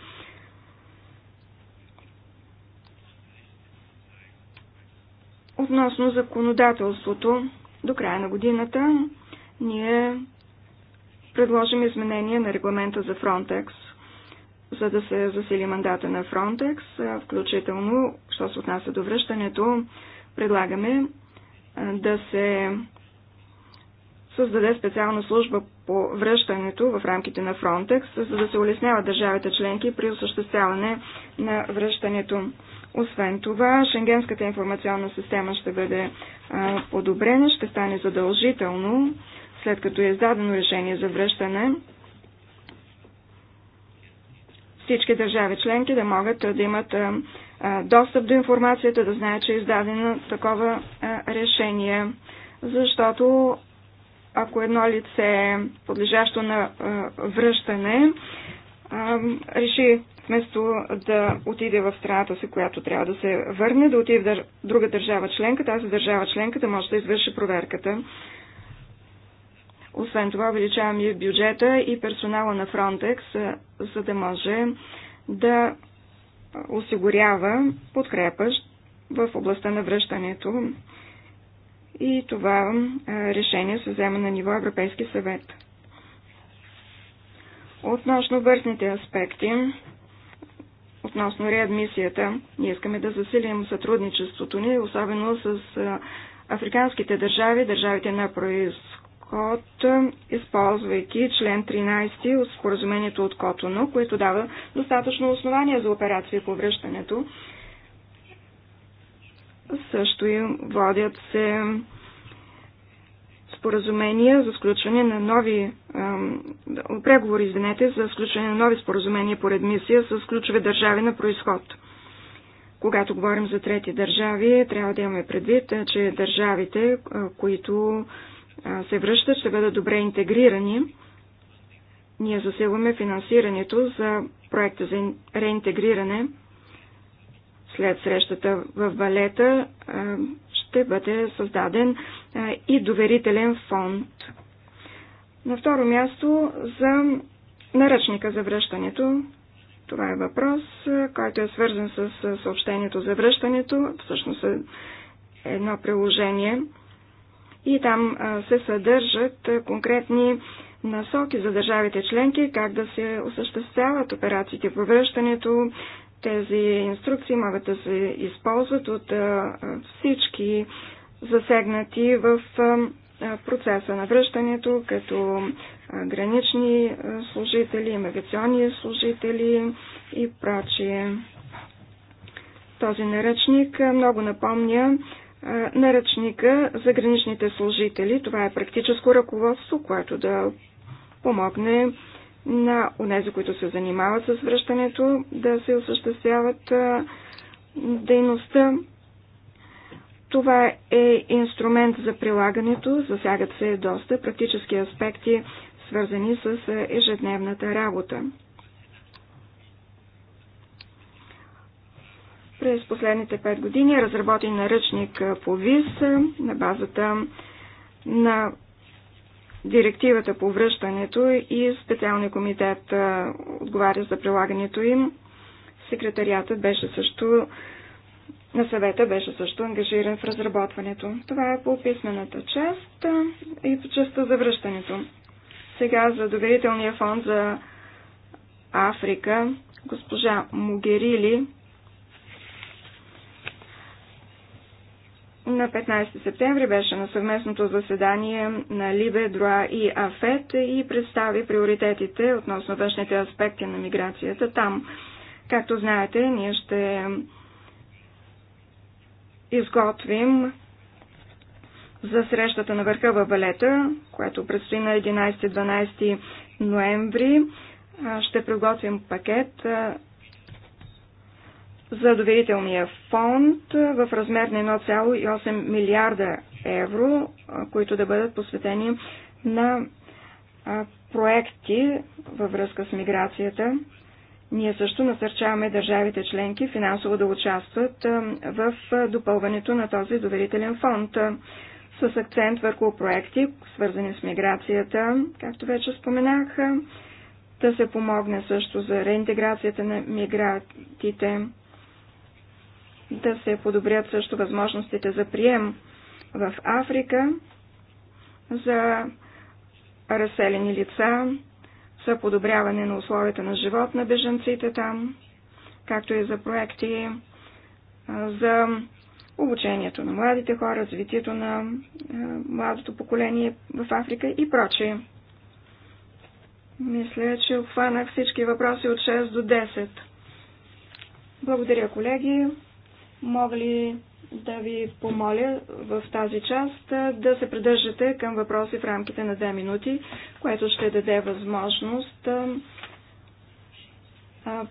Относно законодателството, до края на годината ние предложим изменение на регламента за Frontex, за да се засили мандата на Frontex, включително, що се отнася до връщането, предлагаме да се създаде специална служба по връщането в рамките на Frontex, за да се улесняват държавите членки при осъществяване на връщането. Освен това, Шенгенската информационна система ще бъде подобрена, ще стане задължително след като е издадено решение за връщане, всички държави членки да могат да имат достъп до информацията, да знаят, че е издадено такова решение. Защото ако едно лице, е подлежащо на връщане, реши вместо да отиде в страната си, която трябва да се върне, да отиде в друга държава членка, тази държава членка да може да извърши проверката. Освен това увеличаваме и бюджета и персонала на Frontex, за да може да осигурява подкрепа в областта на връщането. И това решение се взема на ниво Европейски съвет. Относно върхните аспекти, относно реадмисията, ние искаме да засилим сътрудничеството ни, особено с африканските държави, държавите на происход от е, използвайки член 13 от споразумението от Котоно, което дава достатъчно основания за операции по връщането. Също и водят се споразумения за сключване на нови преговори, извинете, за сключване на нови споразумения по редмисия с ключови държави на происход. Когато говорим за трети държави, трябва да имаме предвид, е, че държавите, е, които се връщат, ще бъдат добре интегрирани. Ние засилваме финансирането за проекта за реинтегриране. След срещата в балета, ще бъде създаден и доверителен фонд. На второ място за наръчника за връщането. Това е въпрос, който е свързан с съобщението за връщането. Всъщност е едно приложение – и там се съдържат конкретни насоки за държавите членки, как да се осъществяват операциите по връщането. Тези инструкции могат да се използват от всички засегнати в процеса на връщането, като гранични служители, иммиграционни служители и прочие. Този наръчник много напомня наръчника за граничните служители. Това е практическо ръководство, което да помогне на онези, които се занимават с връщането, да се осъществяват дейността. Това е инструмент за прилагането, засягат се доста практически аспекти, свързани с ежедневната работа. През последните 5 години е разработен наръчник по ВИЗ на базата на директивата по връщането и специалния комитет отговаря за прилагането им. Секретариатът беше също на съвета беше също ангажиран в разработването. Това е по писмената част и по частта за връщането. Сега за доверителния фонд за Африка, госпожа Могерили на 15 септември беше на съвместното заседание на Либе, Друа и Афет и представи приоритетите относно външните аспекти на миграцията там. Както знаете, ние ще изготвим за срещата на върха във балета, която предстои на 11-12 ноември. Ще приготвим пакет за доверителния фонд в размер на 1,8 милиарда евро, които да бъдат посветени на проекти във връзка с миграцията. Ние също насърчаваме държавите членки финансово да участват в допълването на този доверителен фонд с акцент върху проекти, свързани с миграцията, както вече споменах, да се помогне също за реинтеграцията на мигрантите, да се подобрят също възможностите за прием в Африка за разселени лица, за подобряване на условията на живот на бежанците там, както и за проекти за обучението на младите хора, развитието на младото поколение в Африка и прочее. Мисля, че обхванах всички въпроси от 6 до 10. Благодаря, колеги. Мога ли да ви помоля в тази част да се придържате към въпроси в рамките на 2 минути, което ще даде възможност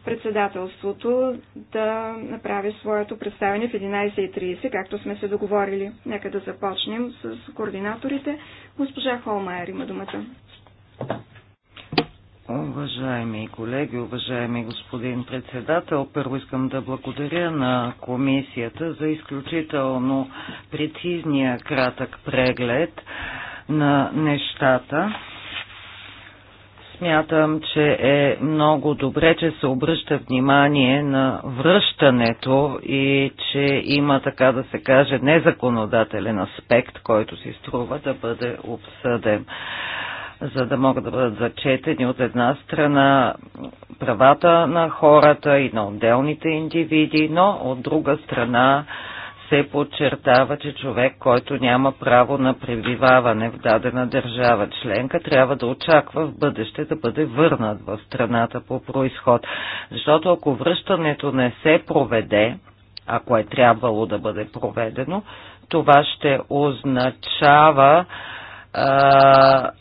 председателството да направи своето представяне в 11.30, както сме се договорили. Нека да започнем с координаторите. Госпожа Холмайер има думата. Уважаеми колеги, уважаеми господин председател, първо искам да благодаря на комисията за изключително прецизния кратък преглед на нещата. Смятам, че е много добре, че се обръща внимание на връщането и че има, така да се каже, незаконодателен аспект, който си струва да бъде обсъден за да могат да бъдат зачетени от една страна правата на хората и на отделните индивиди, но от друга страна се подчертава, че човек, който няма право на пребиваване в дадена държава членка, трябва да очаква в бъдеще да бъде върнат в страната по происход. Защото ако връщането не се проведе, ако е трябвало да бъде проведено, това ще означава а,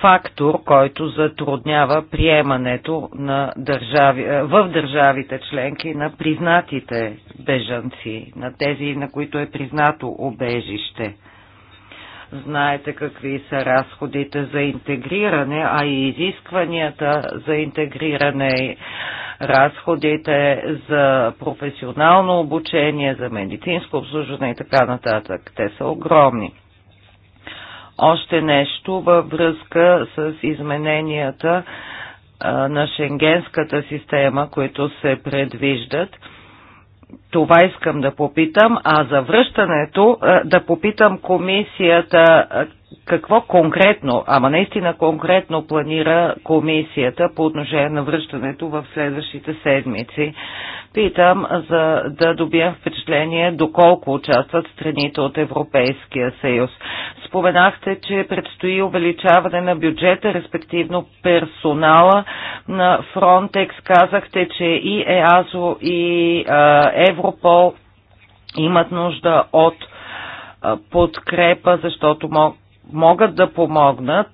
фактор, който затруднява приемането на държави, е, в държавите членки на признатите бежанци, на тези, на които е признато обежище. Знаете какви са разходите за интегриране, а и изискванията за интегриране, разходите за професионално обучение, за медицинско обслужване и така нататък. Те са огромни още нещо във връзка с измененията на шенгенската система, които се предвиждат. Това искам да попитам, а за връщането да попитам комисията какво конкретно, ама наистина конкретно планира комисията по отношение на връщането в следващите седмици. Питам, за да добия впечатление доколко участват страните от Европейския съюз. Споменахте, че предстои увеличаване на бюджета, респективно персонала на Frontex. Казахте, че и ЕАЗО, и Европол имат нужда от подкрепа, защото могат да помогнат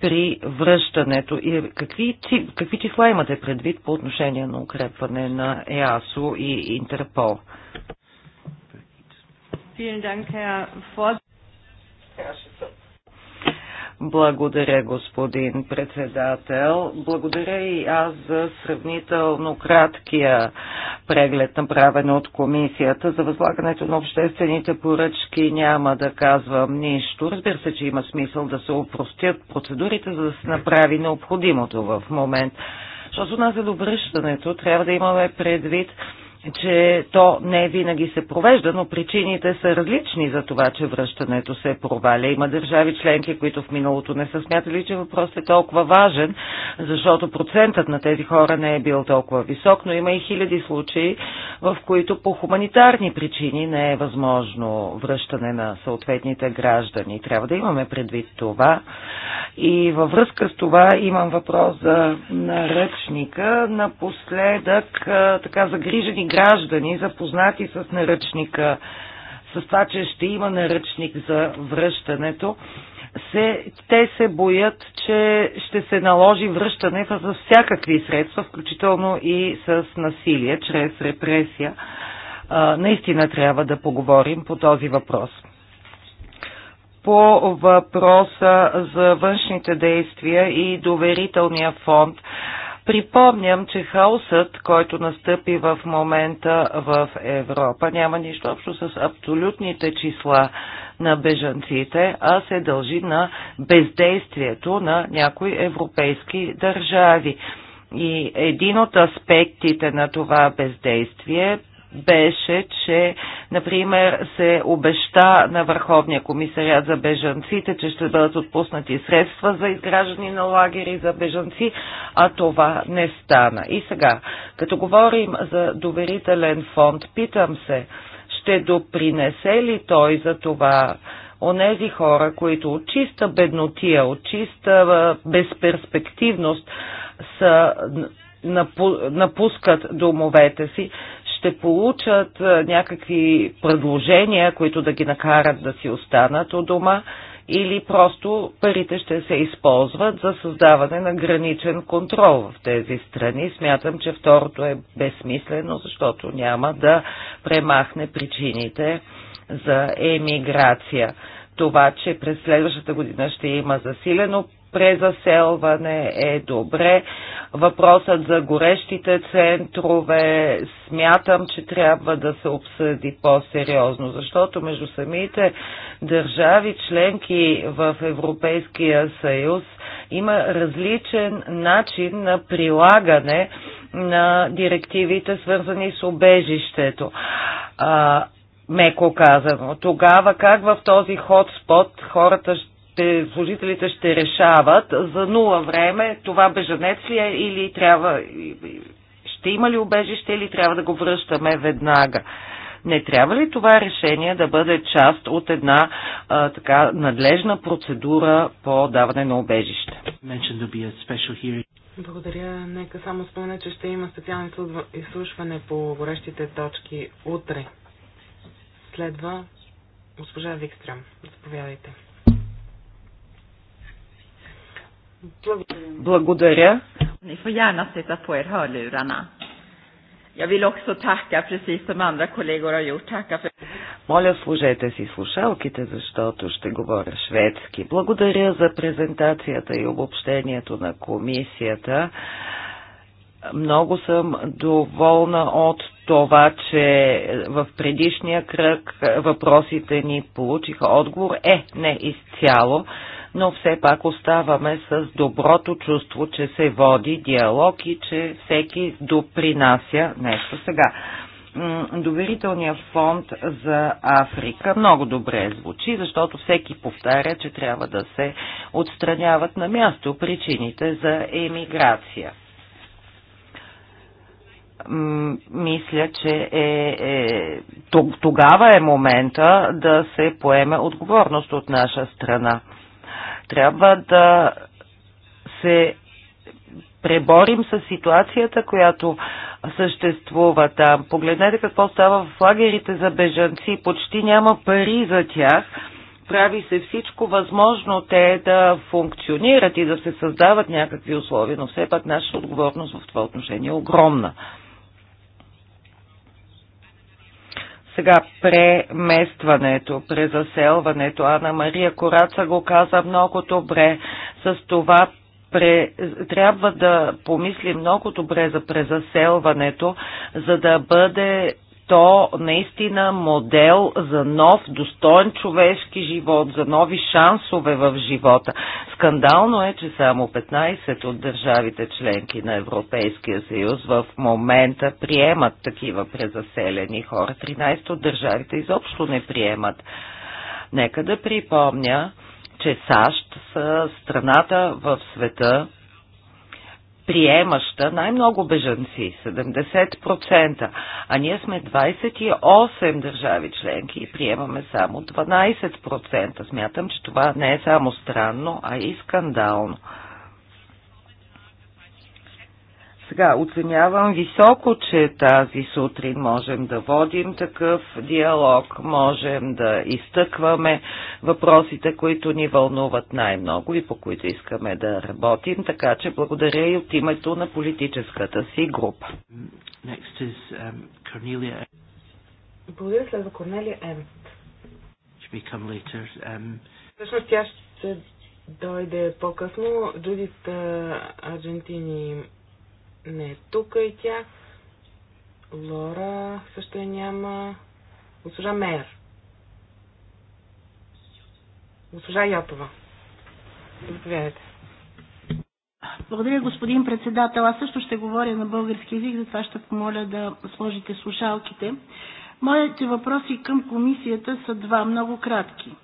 при връщането. И какви, какви числа имате предвид по отношение на укрепване на ЕАСО и Интерпол? Благодаря, господин председател. Благодаря и аз за сравнително краткия преглед, направен от комисията. За възлагането на обществените поръчки няма да казвам нищо. Разбира се, че има смисъл да се упростят процедурите, за да се направи необходимото в момент. Що се отнася до връщането, трябва да имаме предвид, че то не винаги се провежда, но причините са различни за това, че връщането се проваля. Има държави членки, които в миналото не са смятали, че въпросът е толкова важен, защото процентът на тези хора не е бил толкова висок, но има и хиляди случаи, в които по хуманитарни причини не е възможно връщане на съответните граждани. Трябва да имаме предвид това. И във връзка с това имам въпрос за наръчника. Напоследък така загрижени граждани, запознати с наръчника, с това, че ще има наръчник за връщането, се, те се боят, че ще се наложи връщане с всякакви средства, включително и с насилие, чрез репресия. А, наистина трябва да поговорим по този въпрос. По въпроса за външните действия и доверителния фонд, Припомням, че хаосът, който настъпи в момента в Европа, няма нищо общо с абсолютните числа на бежанците, а се дължи на бездействието на някои европейски държави. И един от аспектите на това бездействие беше, че, например, се обеща на Върховния комисариат за бежанците, че ще бъдат отпуснати средства за изграждане на лагери за бежанци, а това не стана. И сега, като говорим за доверителен фонд, питам се, ще допринесе ли той за това онези хора, които от чиста беднотия, от чиста безперспективност са напускат домовете си, ще получат някакви предложения, които да ги накарат да си останат у дома или просто парите ще се използват за създаване на граничен контрол в тези страни. Смятам, че второто е безсмислено, защото няма да премахне причините за емиграция. Това, че през следващата година ще има засилено презаселване е добре. Въпросът за горещите центрове смятам, че трябва да се обсъди по-сериозно, защото между самите държави членки в Европейския съюз има различен начин на прилагане на директивите, свързани с обежището. меко казано. Тогава как в този хотспот хората ще ще, служителите ще решават за нула време това бежанец ли е или трябва, ще има ли убежище или трябва да го връщаме веднага. Не трябва ли това решение да бъде част от една а, така надлежна процедура по даване на убежище? Благодаря. Нека само спомена, че ще има специално изслушване по горещите точки утре. Следва госпожа Викстрам. Заповядайте. Благодаря. Ни får gärna sätta på er hörlurarna. Jag vill också tacka, precis som andra kollegor har gjort, tacka för... Моля, служете си слушалките, защото ще говоря шведски. Благодаря за презентацията и обобщението на комисията. Много съм доволна от това, че в предишния кръг въпросите ни получиха отговор. Е, не изцяло но все пак оставаме с доброто чувство, че се води диалог и че всеки допринася нещо сега. Доверителният фонд за Африка много добре звучи, защото всеки повтаря, че трябва да се отстраняват на място причините за емиграция мисля, че е, е, тогава е момента да се поеме отговорност от наша страна. Трябва да се преборим с ситуацията, която съществува там. Погледнете какво става в лагерите за бежанци. Почти няма пари за тях. Прави се всичко възможно те да функционират и да се създават някакви условия, но все пак нашата отговорност в това отношение е огромна. Сега преместването, презаселването, Ана Мария Кораца го каза много добре. С това пре, трябва да помисли много добре за презаселването, за да бъде то наистина модел за нов, достоен човешки живот, за нови шансове в живота. Скандално е, че само 15 от държавите членки на Европейския съюз в момента приемат такива презаселени хора. 13 от държавите изобщо не приемат. Нека да припомня, че САЩ са страната в света, приемаща най-много бежанци 70%, а ние сме 28 държави членки и приемаме само 12%. Смятам, че това не е само странно, а и скандално. Сега оценявам високо, че тази сутрин можем да водим такъв диалог, можем да изтъкваме въпросите, които ни вълнуват най-много и по които искаме да работим, така че благодаря и от името на политическата си група. Next is, um, Cornelia. Благодаря следва Корнелия Емт. Um, Всъщност тя ще дойде по-късно. Джудит не е тук и тя. Лора също я няма. Госпожа Мейер. Госпожа Йотова. Заповядайте. Благодаря, господин председател. Аз също ще говоря на български язик, затова ще помоля да сложите слушалките. Моите въпроси към комисията са два, много кратки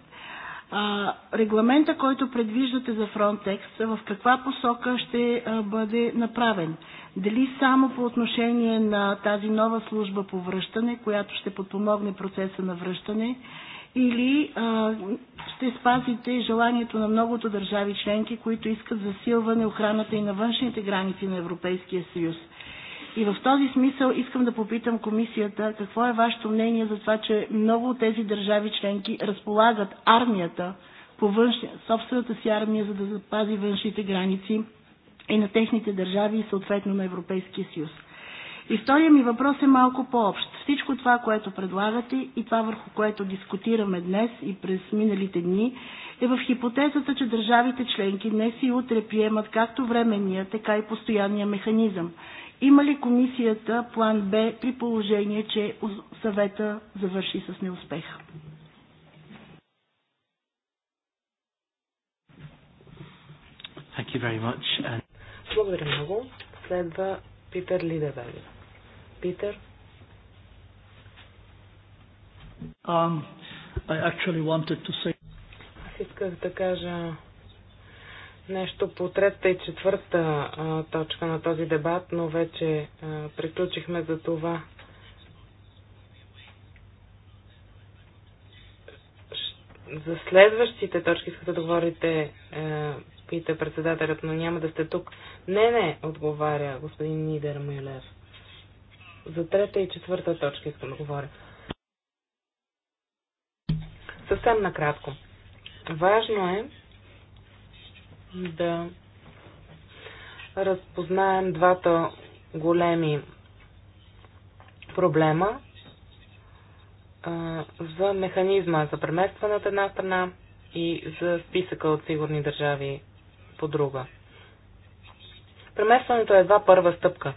регламента, който предвиждате за Frontex, в каква посока ще бъде направен? Дали само по отношение на тази нова служба по връщане, която ще подпомогне процеса на връщане, или а, ще спазите желанието на многото държави членки, които искат засилване охраната и на външните граници на Европейския съюз? И в този смисъл искам да попитам комисията какво е вашето мнение за това, че много от тези държави членки разполагат армията по външни, собствената си армия, за да запази външните граници и на техните държави и съответно на Европейския съюз. И втория ми въпрос е малко по-общ. Всичко това, което предлагате и това върху което дискутираме днес и през миналите дни, е в хипотезата, че държавите членки днес и утре приемат както временния, така и постоянния механизъм. Има ли комисията план Б при положение, че съвета завърши с неуспех? Благодаря много. Следва Питър Лидевелев. Питър. Um, I actually wanted to say... Аз исках да кажа нещо по третата и четвърта а, точка на този дебат, но вече а, приключихме за това. За следващите точки искате да говорите, а, е, пита председателят, но няма да сте тук. Не, не, отговаря господин Нидер Мюлер. За трета и четвърта точка искам да говоря. Съвсем накратко. Важно е да разпознаем двата големи проблема за механизма за преместване от една страна и за списъка от сигурни държави по друга. Преместването е едва първа стъпка.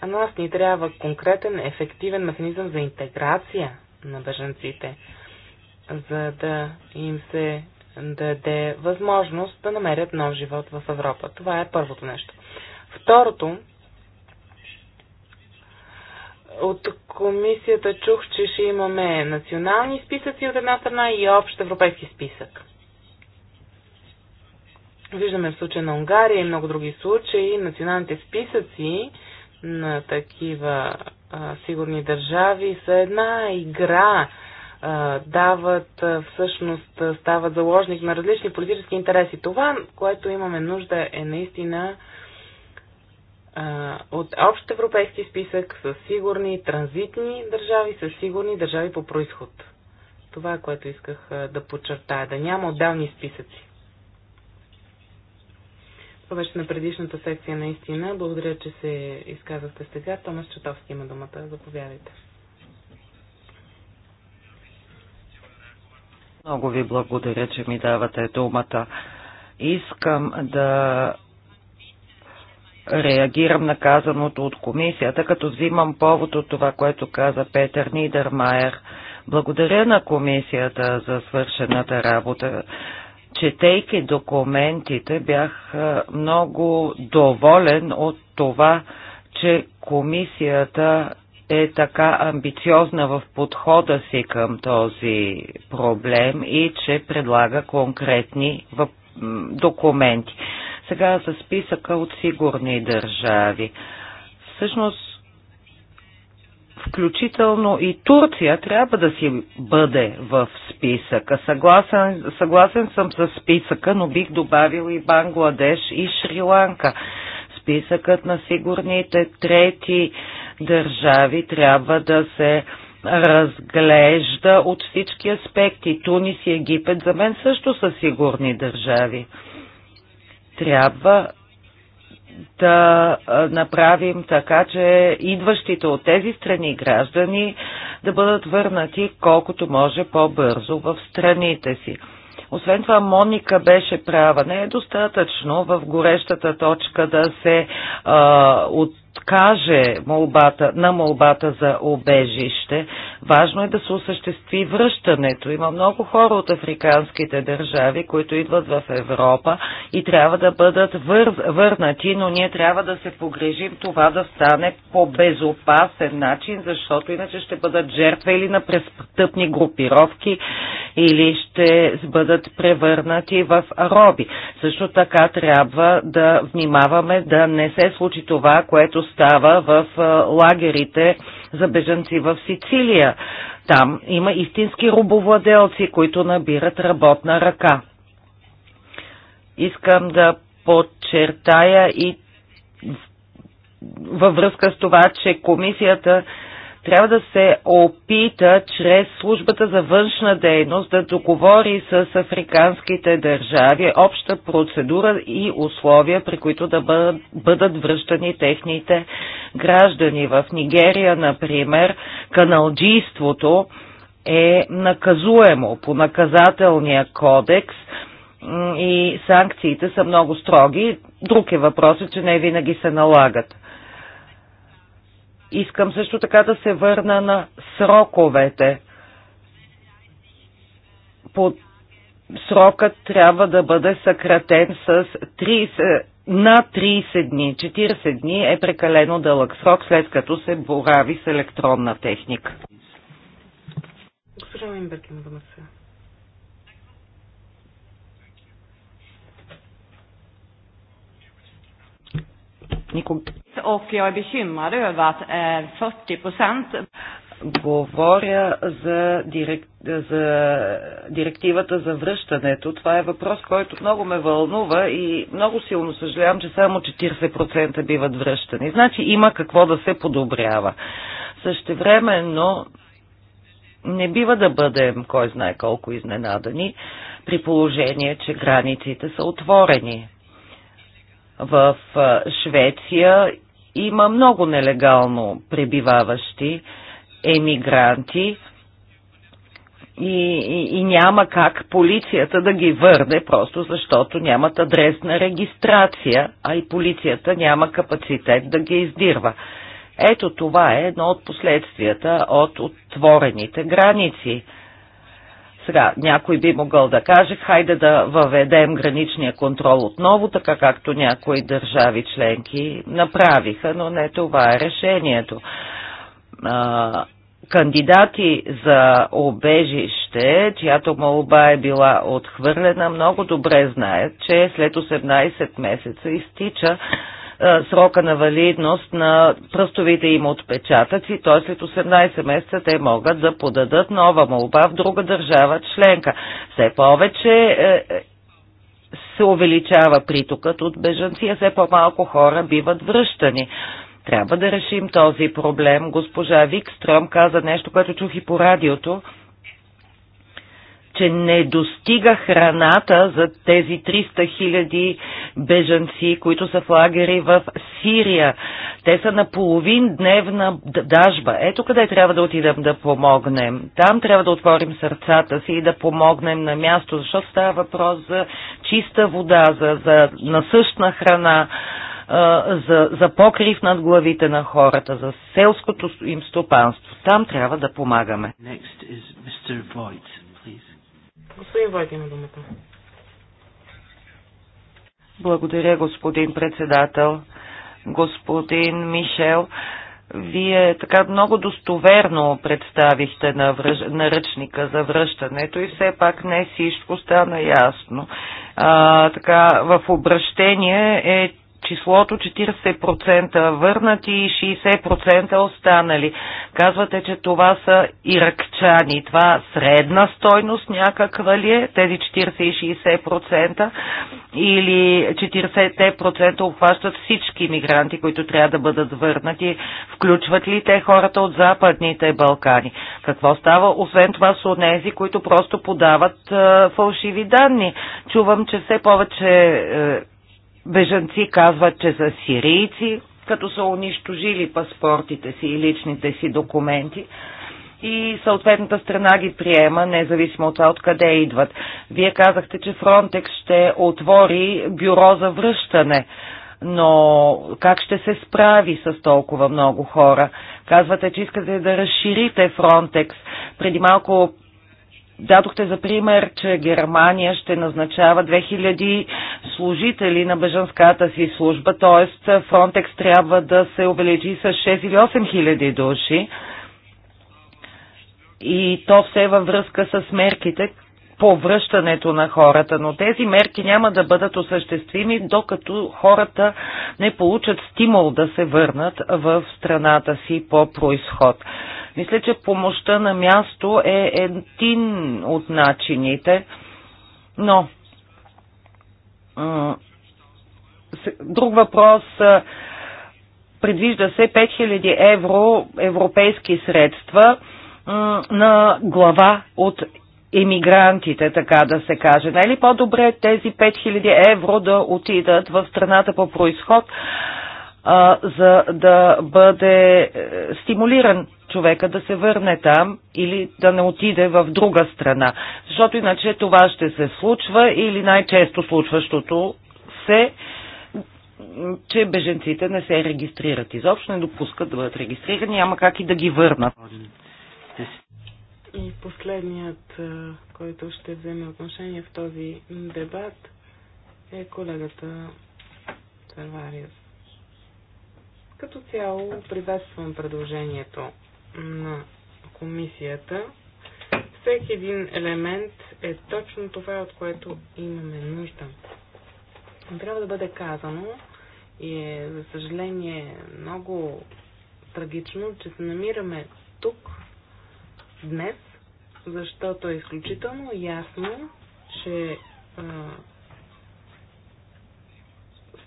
А на нас ни трябва конкретен, ефективен механизъм за интеграция на бежанците, за да им се даде възможност да намерят нов живот в Европа. Това е първото нещо. Второто, от комисията чух, че ще имаме национални списъци от една страна и общ европейски списък. Виждаме в случая на Унгария и много други случаи националните списъци на такива а, сигурни държави са една игра, дават, всъщност стават заложник на различни политически интереси. Това, което имаме нужда е наистина от общ европейски списък с сигурни транзитни държави, с сигурни държави по происход. Това е което исках да подчертая, да няма отдални списъци. Това беше на предишната секция наистина. Благодаря, че се изказахте сега. Томас Четовски има думата. Заповядайте. Много ви благодаря, че ми давате думата. Искам да реагирам на казаното от комисията, като взимам повод от това, което каза Петър Нидермайер. Благодаря на комисията за свършената работа. Четейки документите, бях много доволен от това, че комисията е така амбициозна в подхода си към този проблем и че предлага конкретни документи. Сега за списъка от сигурни държави. Всъщност, включително и Турция трябва да си бъде в списъка. Съгласен, съгласен съм с списъка, но бих добавил и Бангладеш и Шри-Ланка. Списъкът на сигурните трети държави трябва да се разглежда от всички аспекти. Тунис и Египет за мен също са сигурни държави. Трябва да направим така, че идващите от тези страни граждани да бъдат върнати колкото може по-бързо в страните си. Освен това, Моника беше права. Не е достатъчно в горещата точка да се а, от, откаже молбата, на молбата за обежище, важно е да се осъществи връщането. Има много хора от африканските държави, които идват в Европа и трябва да бъдат вър... върнати, но ние трябва да се погрежим това да стане по безопасен начин, защото иначе ще бъдат жертва или на престъпни групировки, или ще бъдат превърнати в роби. Също така трябва да внимаваме да не се случи това, което Остава става в лагерите за бежанци в Сицилия. Там има истински рубовладелци, които набират работна ръка. Искам да подчертая и във връзка с това, че комисията трябва да се опита чрез службата за външна дейност да договори с африканските държави обща процедура и условия, при които да бъдат връщани техните граждани. В Нигерия, например, каналджийството е наказуемо по наказателния кодекс и санкциите са много строги. Друг е въпросът, че не винаги се налагат. Искам също така да се върна на сроковете. По срокът трябва да бъде съкратен с 30, на 30 дни. 40 дни е прекалено дълъг срок, след като се борави с електронна техника. Госпожа Линберг има думата. никога. Och jag är bekymrad över att 40 eh, Говоря за, директ, за директивата за връщането. Това е въпрос, който много ме вълнува и много силно съжалявам, че само 40% биват връщани. Значи има какво да се подобрява. Същевременно не бива да бъдем кой знае колко изненадани при положение, че границите са отворени. В Швеция има много нелегално пребиваващи емигранти и, и, и няма как полицията да ги върне, просто защото нямат адресна регистрация, а и полицията няма капацитет да ги издирва. Ето това е едно от последствията от отворените граници. Сега някой би могъл да каже, хайде да въведем граничния контрол отново, така както някои държави членки направиха, но не това е решението. А, кандидати за обежище, чиято молба е била отхвърлена, много добре знаят, че след 18 месеца изтича е, срока на валидност на пръстовите им отпечатъци, т.е. след 18 месеца те могат да подадат нова молба в друга държава членка. Все повече е, е, се увеличава притокът от бежанци, а все по-малко хора биват връщани. Трябва да решим този проблем. Госпожа Викстром каза нещо, което чух и по радиото – че не достига храната за тези 300 хиляди бежанци, които са в лагери в Сирия. Те са на половин дневна дажба. Ето къде трябва да отидем да помогнем. Там трябва да отворим сърцата си и да помогнем на място, защото става въпрос за чиста вода, за, за насъщна храна за, за покрив над главите на хората, за селското им стопанство. Там трябва да помагаме. Next is Mr. Voigt. Господин Войт думата. Благодаря, господин председател. Господин Мишел, вие така много достоверно представихте на връж... наръчника за връщането и все пак не всичко стана ясно. А, така, в обращение е числото 40% върнати и 60% останали. Казвате, че това са иракчани. Това средна стойност някаква ли е, тези 40 и 60% или 40% обхващат всички мигранти, които трябва да бъдат върнати? Включват ли те хората от Западните Балкани? Какво става освен това с онези, които просто подават е, фалшиви данни? Чувам, че все повече е, бежанци казват, че са сирийци, като са унищожили паспортите си и личните си документи и съответната страна ги приема, независимо от това откъде идват. Вие казахте, че Фронтекс ще отвори бюро за връщане, но как ще се справи с толкова много хора? Казвате, че искате да разширите Фронтекс. Преди малко дадохте за пример, че Германия ще назначава 2000 служители на бежанската си служба, т.е. Фронтекс трябва да се увеличи с 6 или 8 хиляди души. И то все във връзка с мерките по връщането на хората, но тези мерки няма да бъдат осъществими, докато хората не получат стимул да се върнат в страната си по происход. Мисля, че помощта на място е един от начините, но друг въпрос предвижда се 5000 евро европейски средства на глава от емигрантите, така да се каже. Не е ли по-добре тези 5000 евро да отидат в страната по происход, а, за да бъде е, стимулиран човека да се върне там или да не отиде в друга страна. Защото иначе това ще се случва или най-често случващото се, че беженците не се регистрират. Изобщо не допускат да бъдат регистрирани, няма как и да ги върнат. И последният, който ще вземе отношение в този дебат, е колегата Сарвариев. Като цяло приветствам предложението на комисията, всеки един елемент е точно това, от което имаме нужда. Трябва да бъде казано и е, за съжаление, много трагично, че се намираме тук днес, защото е изключително ясно, че а,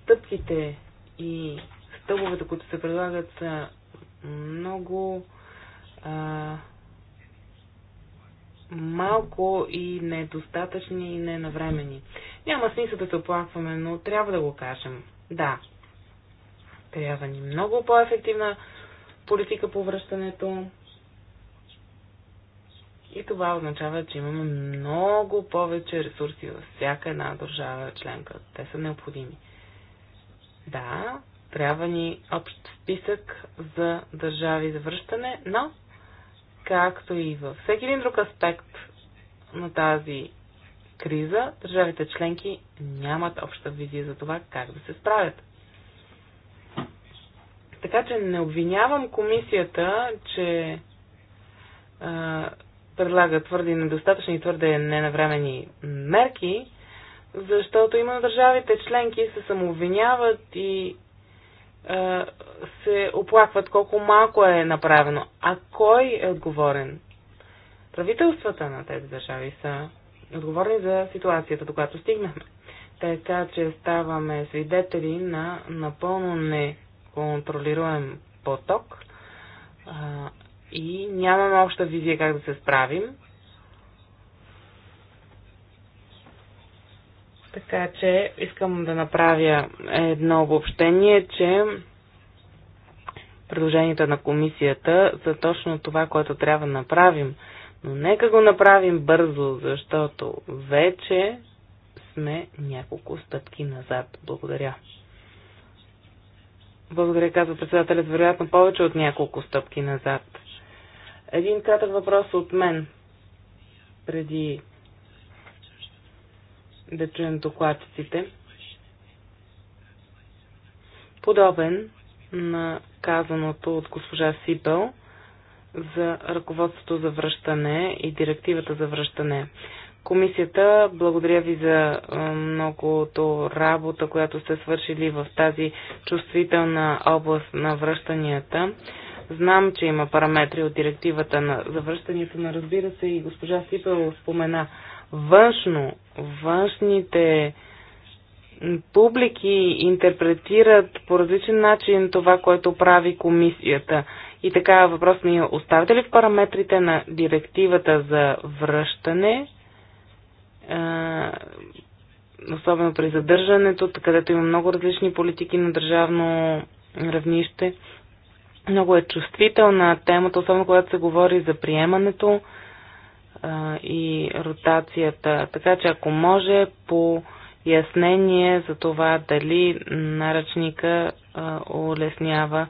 стъпките и стълбовете, които се предлагат, са много а, малко и недостатъчни и ненавремени. Няма смисъл да се оплакваме, но трябва да го кажем. Да, трябва ни много по-ефективна политика по връщането. И това означава, че имаме много повече ресурси във всяка една държава членка. Те са необходими. Да, трябва ни общ списък за държави за връщане, но както и във всеки един друг аспект на тази криза, държавите членки нямат обща визия за това как да се справят. Така че не обвинявам комисията, че а, предлага твърде недостатъчни и твърде ненавремени мерки, защото именно държавите членки се самообвиняват и се оплакват колко малко е направено. А кой е отговорен? Правителствата на тези държави са отговорни за ситуацията, до която стигнахме. Така че ставаме свидетели на напълно неконтролируем поток а, и нямаме обща визия как да се справим. Така че искам да направя едно обобщение, че предложенията на комисията са точно това, което трябва да направим. Но нека го направим бързо, защото вече сме няколко стъпки назад. Благодаря. Благодаря, казва председателят, вероятно повече от няколко стъпки назад. Един кратък въпрос от мен. Преди да чуем докладчиците. Подобен на казаното от госпожа Сипел за ръководството за връщане и директивата за връщане. Комисията, благодаря ви за многото работа, която сте свършили в тази чувствителна област на връщанията. Знам, че има параметри от директивата на завръщането, но разбира се и госпожа Сипел спомена външно външните публики интерпретират по различен начин това, което прави комисията. И така въпрос ми е, оставате ли в параметрите на директивата за връщане, особено при задържането, където има много различни политики на държавно равнище. Много е чувствителна темата, особено когато се говори за приемането а, и ротацията. Така че ако може по яснение за това дали наръчника а, улеснява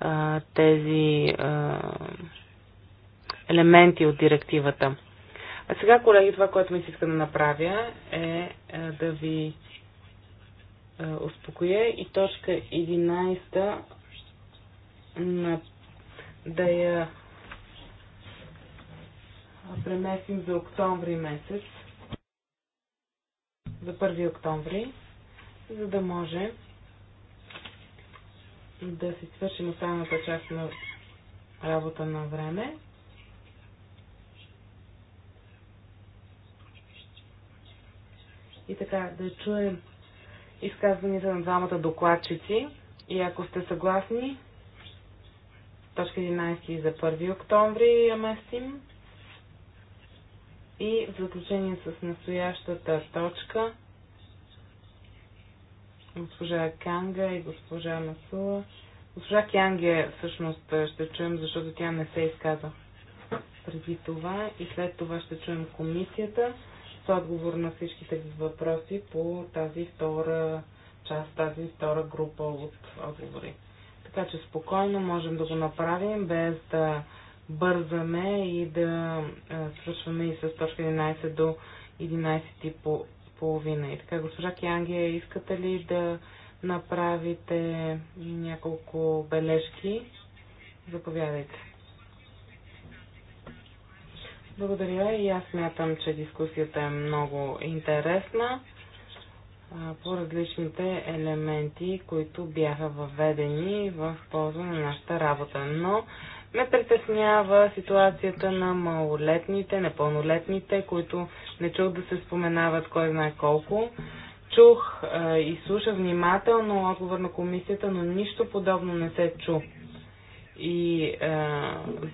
а, тези а, елементи от директивата. А сега, колеги, това, което ми се иска да направя е а, е, да ви а, е, успокоя и точка 11 на, да я преместим за октомври месец, за 1 октомври, за да може да си свършим останалата част на работа на време. И така, да чуем изказванията на двамата докладчици. И ако сте съгласни, точка 11 за 1 октомври я местим. И в заключение с настоящата точка госпожа Канга и госпожа Масула. Госпожа Кянге всъщност ще чуем, защото тя не се изказа преди това и след това ще чуем комисията с отговор на всичките въпроси по тази втора част, тази втора група от отговори. Така че спокойно можем да го направим без да бързаме и да свършваме и с точка 11 до 11 половина. И така, госпожа Кянгия, искате ли да направите няколко бележки? Заповядайте. Благодаря и аз мятам, че дискусията е много интересна по различните елементи, които бяха въведени в полза на нашата работа. Но ме притеснява ситуацията на малолетните, непълнолетните, които не чух да се споменават кой знае колко. Чух е, и слушах внимателно отговор на комисията, но нищо подобно не се чу. И е,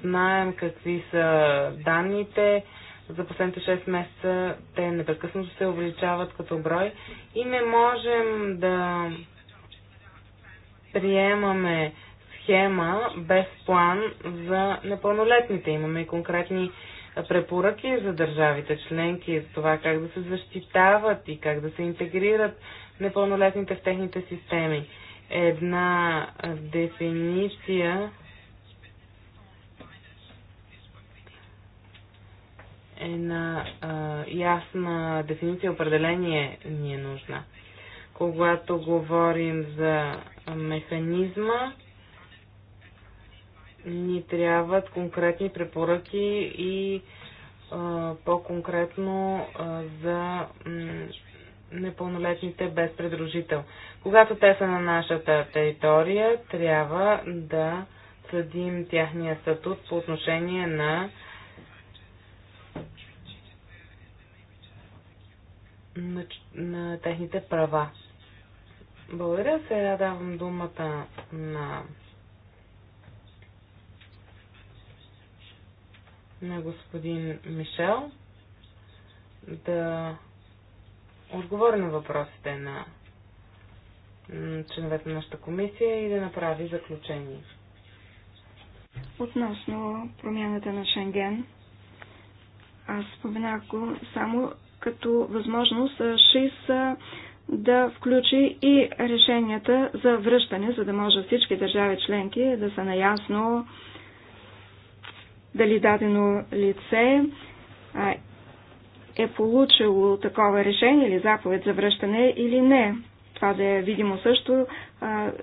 знаем какви са данните. За последните 6 месеца те непрекъснато се увеличават като брой и не можем да приемаме схема без план за непълнолетните. Имаме и конкретни препоръки за държавите членки, за това как да се защитават и как да се интегрират непълнолетните в техните системи. Една дефиниция една а, ясна дефиниция, определение ни е нужна. Когато говорим за механизма, ни трябват конкретни препоръки и по-конкретно за непълнолетните без придружител. Когато те са на нашата територия, трябва да следим тяхния статут по отношение на на, на техните права. Благодаря. Сега давам думата на на господин Мишел да отговори на въпросите на членовете на нашата комисия и да направи заключение. Относно промяната на Шенген, аз споменах го само като възможност ШИС да включи и решенията за връщане, за да може всички държави членки да са наясно дали дадено лице е получило такова решение или заповед за връщане или не. Това да е видимо също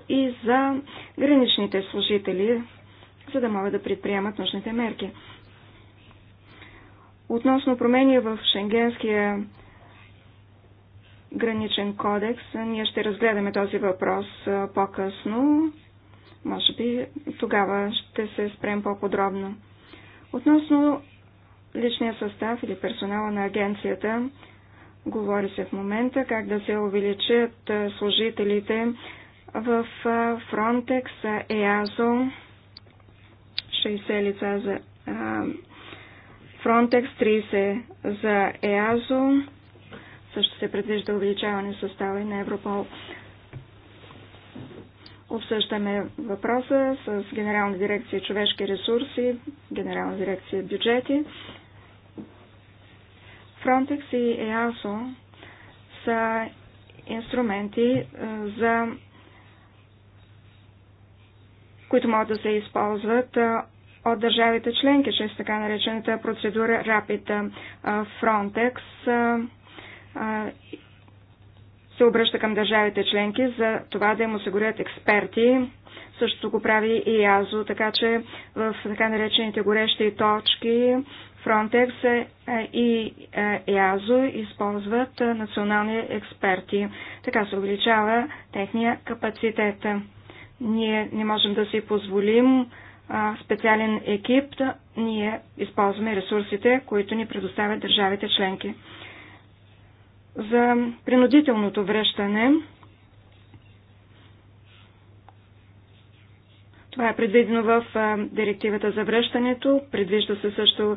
и за граничните служители, за да могат да предприемат нужните мерки. Относно промени в Шенгенския граничен кодекс, ние ще разгледаме този въпрос по-късно. Може би тогава ще се спрем по-подробно. Относно личния състав или персонала на агенцията, говори се в момента как да се увеличат служителите в Frontex, EASO, 60 лица за Frontex, 30 за EASO, също се предвижда увеличаване състава и на Европол. Обсъждаме въпроса с Генерална дирекция човешки ресурси, Генерална дирекция бюджети. Frontex и EASO са инструменти е, за които могат да се използват е, от държавите членки, чрез така наречената процедура RAPID. Е, Frontex се обръща към държавите членки за това да им осигурят експерти. Същото го прави и АЗО, така че в така наречените горещи точки Frontex и ЕАЗО използват е, национални експерти. Така се увеличава техния капацитет. Ние не можем да си позволим е, специален екип, ние използваме ресурсите, които ни предоставят държавите членки за принудителното връщане. Това е предвидено в директивата за връщането, предвижда се също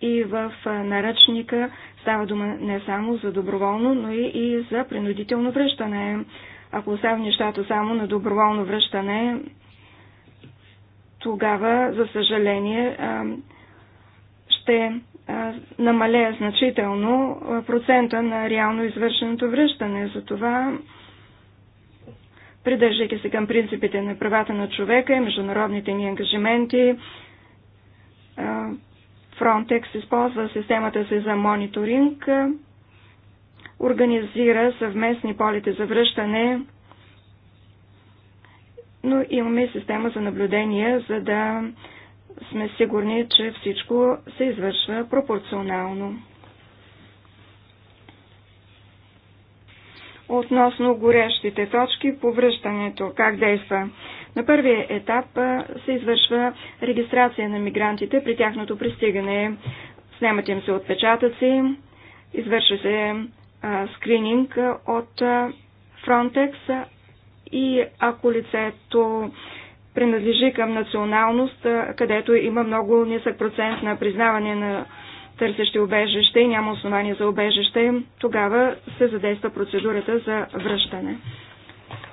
и в наръчника. Става дума не само за доброволно, но и за принудително връщане. Ако оставим нещата само на доброволно връщане, тогава, за съжаление, ще намалее значително процента на реално извършеното връщане. Затова, придържайки се към принципите на правата на човека и международните ни ангажименти, Frontex използва системата си за мониторинг, организира съвместни полети за връщане, но имаме система за наблюдение, за да сме сигурни, че всичко се извършва пропорционално. Относно горещите точки повръщането как действа? На първия етап се извършва регистрация на мигрантите при тяхното пристигане. Снемат им се отпечатъци, извършва се скрининг от Frontex и ако лицето принадлежи към националност, където има много нисък процент на признаване на търсещи обежище и няма основания за обежище, тогава се задейства процедурата за връщане.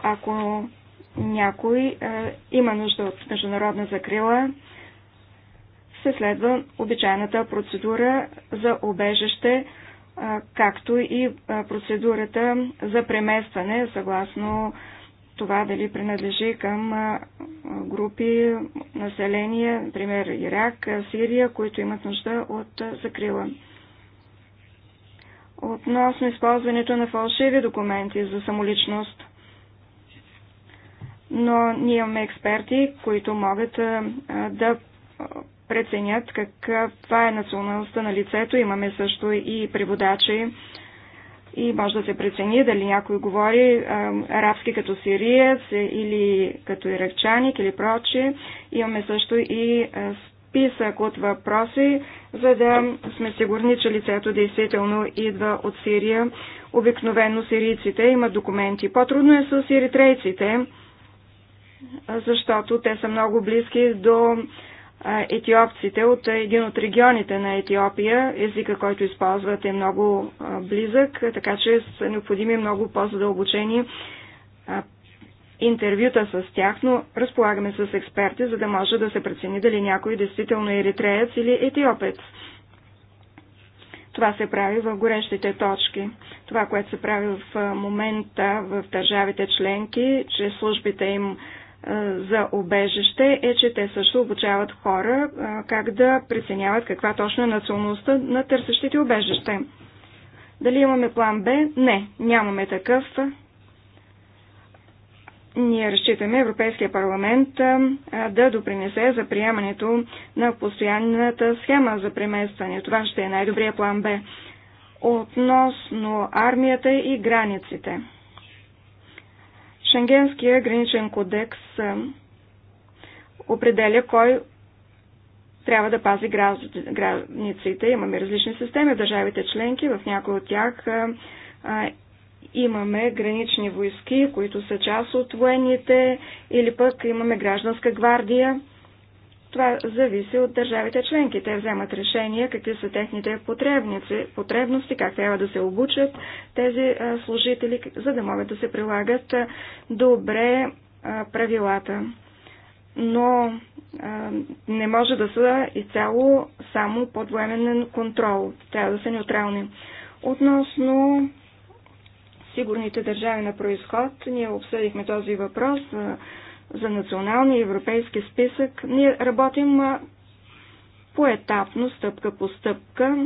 Ако някой е, има нужда от международна закрила, се следва обичайната процедура за обежище, както и процедурата за преместване съгласно това дали принадлежи към групи население, например Ирак, Сирия, които имат нужда от закрила. Относно използването на фалшиви документи за самоличност, но ние имаме експерти, които могат да преценят каква е националността на лицето. Имаме също и преводачи, и може да се прецени дали някой говори а, арабски като сириец или като иракчаник или прочие. Имаме също и а, списък от въпроси, за да сме сигурни, че лицето действително идва от Сирия. Обикновено сирийците имат документи. По-трудно е с сиритрейците, защото те са много близки до етиопците от един от регионите на Етиопия. Езика, който използват е много близък, така че са необходими много по-задълбочени интервюта с тях, но разполагаме с експерти, за да може да се прецени дали някой действително е еритреец или етиопец. Това се прави в горещите точки. Това, което се прави в момента в държавите членки, че службите им за обежище е, че те също обучават хора как да преценяват каква точно е националността на търсещите обежище. Дали имаме план Б? Не, нямаме такъв. Ние разчитаме Европейския парламент да допринесе за приемането на постоянната схема за преместване. Това ще е най-добрият план Б. Относно армията и границите. Шенгенския граничен кодекс определя кой трябва да пази границите. Имаме различни системи в държавите членки. В някои от тях имаме гранични войски, които са част от военните, или пък имаме гражданска гвардия. Това зависи от държавите членки. Те вземат решения какви са техните потребници, потребности, как трябва да се обучат тези служители, за да могат да се прилагат добре правилата. Но не може да са изцяло само под военен контрол. Трябва да са неутрални. Относно сигурните държави на происход, ние обсъдихме този въпрос за националния европейски списък, ние работим поетапно, стъпка по стъпка.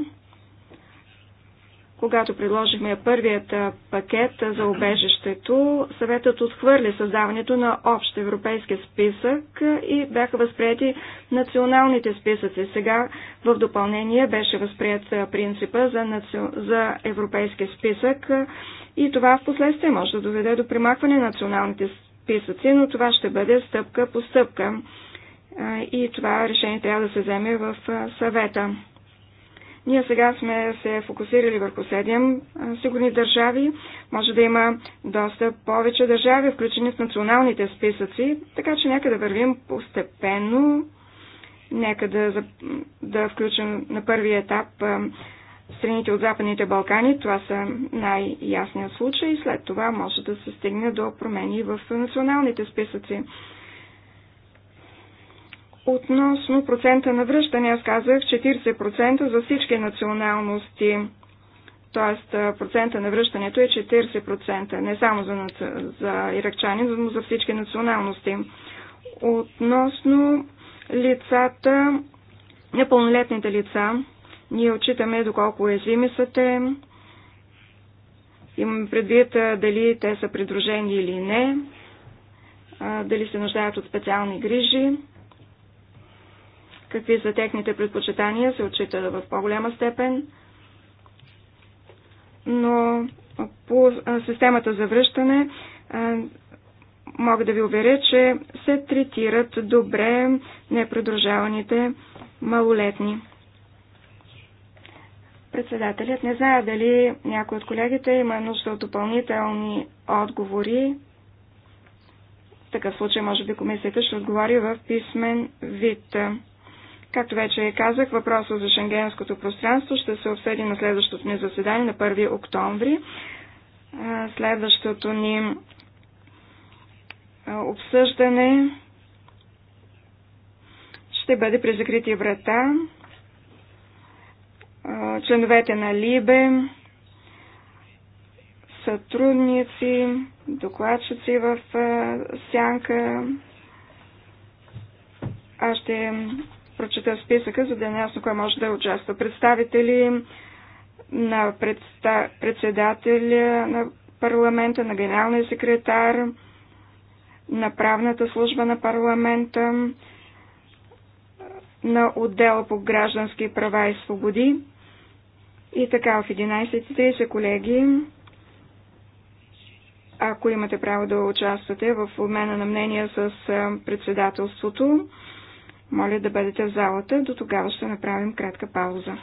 Когато предложихме първият пакет за обежището, съветът отхвърли създаването на общ европейски списък и бяха възприяти националните списъци. Сега в допълнение беше възприят принципа за, наци... за европейски списък и това в последствие може да доведе до примахване на националните списъци, но това ще бъде стъпка по стъпка и това решение трябва да се вземе в съвета. Ние сега сме се фокусирали върху 7 сигурни държави. Може да има доста повече държави, включени в националните списъци, така че нека да вървим постепенно. Нека да, да включим на първи етап страните от Западните Балкани. Това са най-ясният случай. След това може да се стигне до промени в националните списъци. Относно процента на връщане, аз казах 40% за всички националности. Тоест процента на връщането е 40%, не само за, за иракчани, но за всички националности. Относно лицата, непълнолетните лица, ние отчитаме доколко уязвими са те. Имаме предвид дали те са придружени или не, дали се нуждаят от специални грижи, какви са техните предпочитания, се отчита в по-голяма степен. Но по системата за връщане мога да ви уверя, че се третират добре непредружаваните малолетни. Председателят не знае дали някой от колегите има нужда от допълнителни отговори. В такъв случай, може би, комисията ще отговори в писмен вид. Както вече казах, въпросът за шенгенското пространство ще се обсъди на следващото ни заседание на 1 октомври. Следващото ни обсъждане ще бъде при закрития врата членовете на Либе, сътрудници, докладчици в сянка. Аз ще прочета списъка, за да е ясно кой може да участва. Представители на предста... председателя на парламента, на генералния секретар, на правната служба на парламента, на отдела по граждански права и свободи, и така, в 11.30, колеги, ако имате право да участвате в обмена на мнения с председателството, моля да бъдете в залата. До тогава ще направим кратка пауза.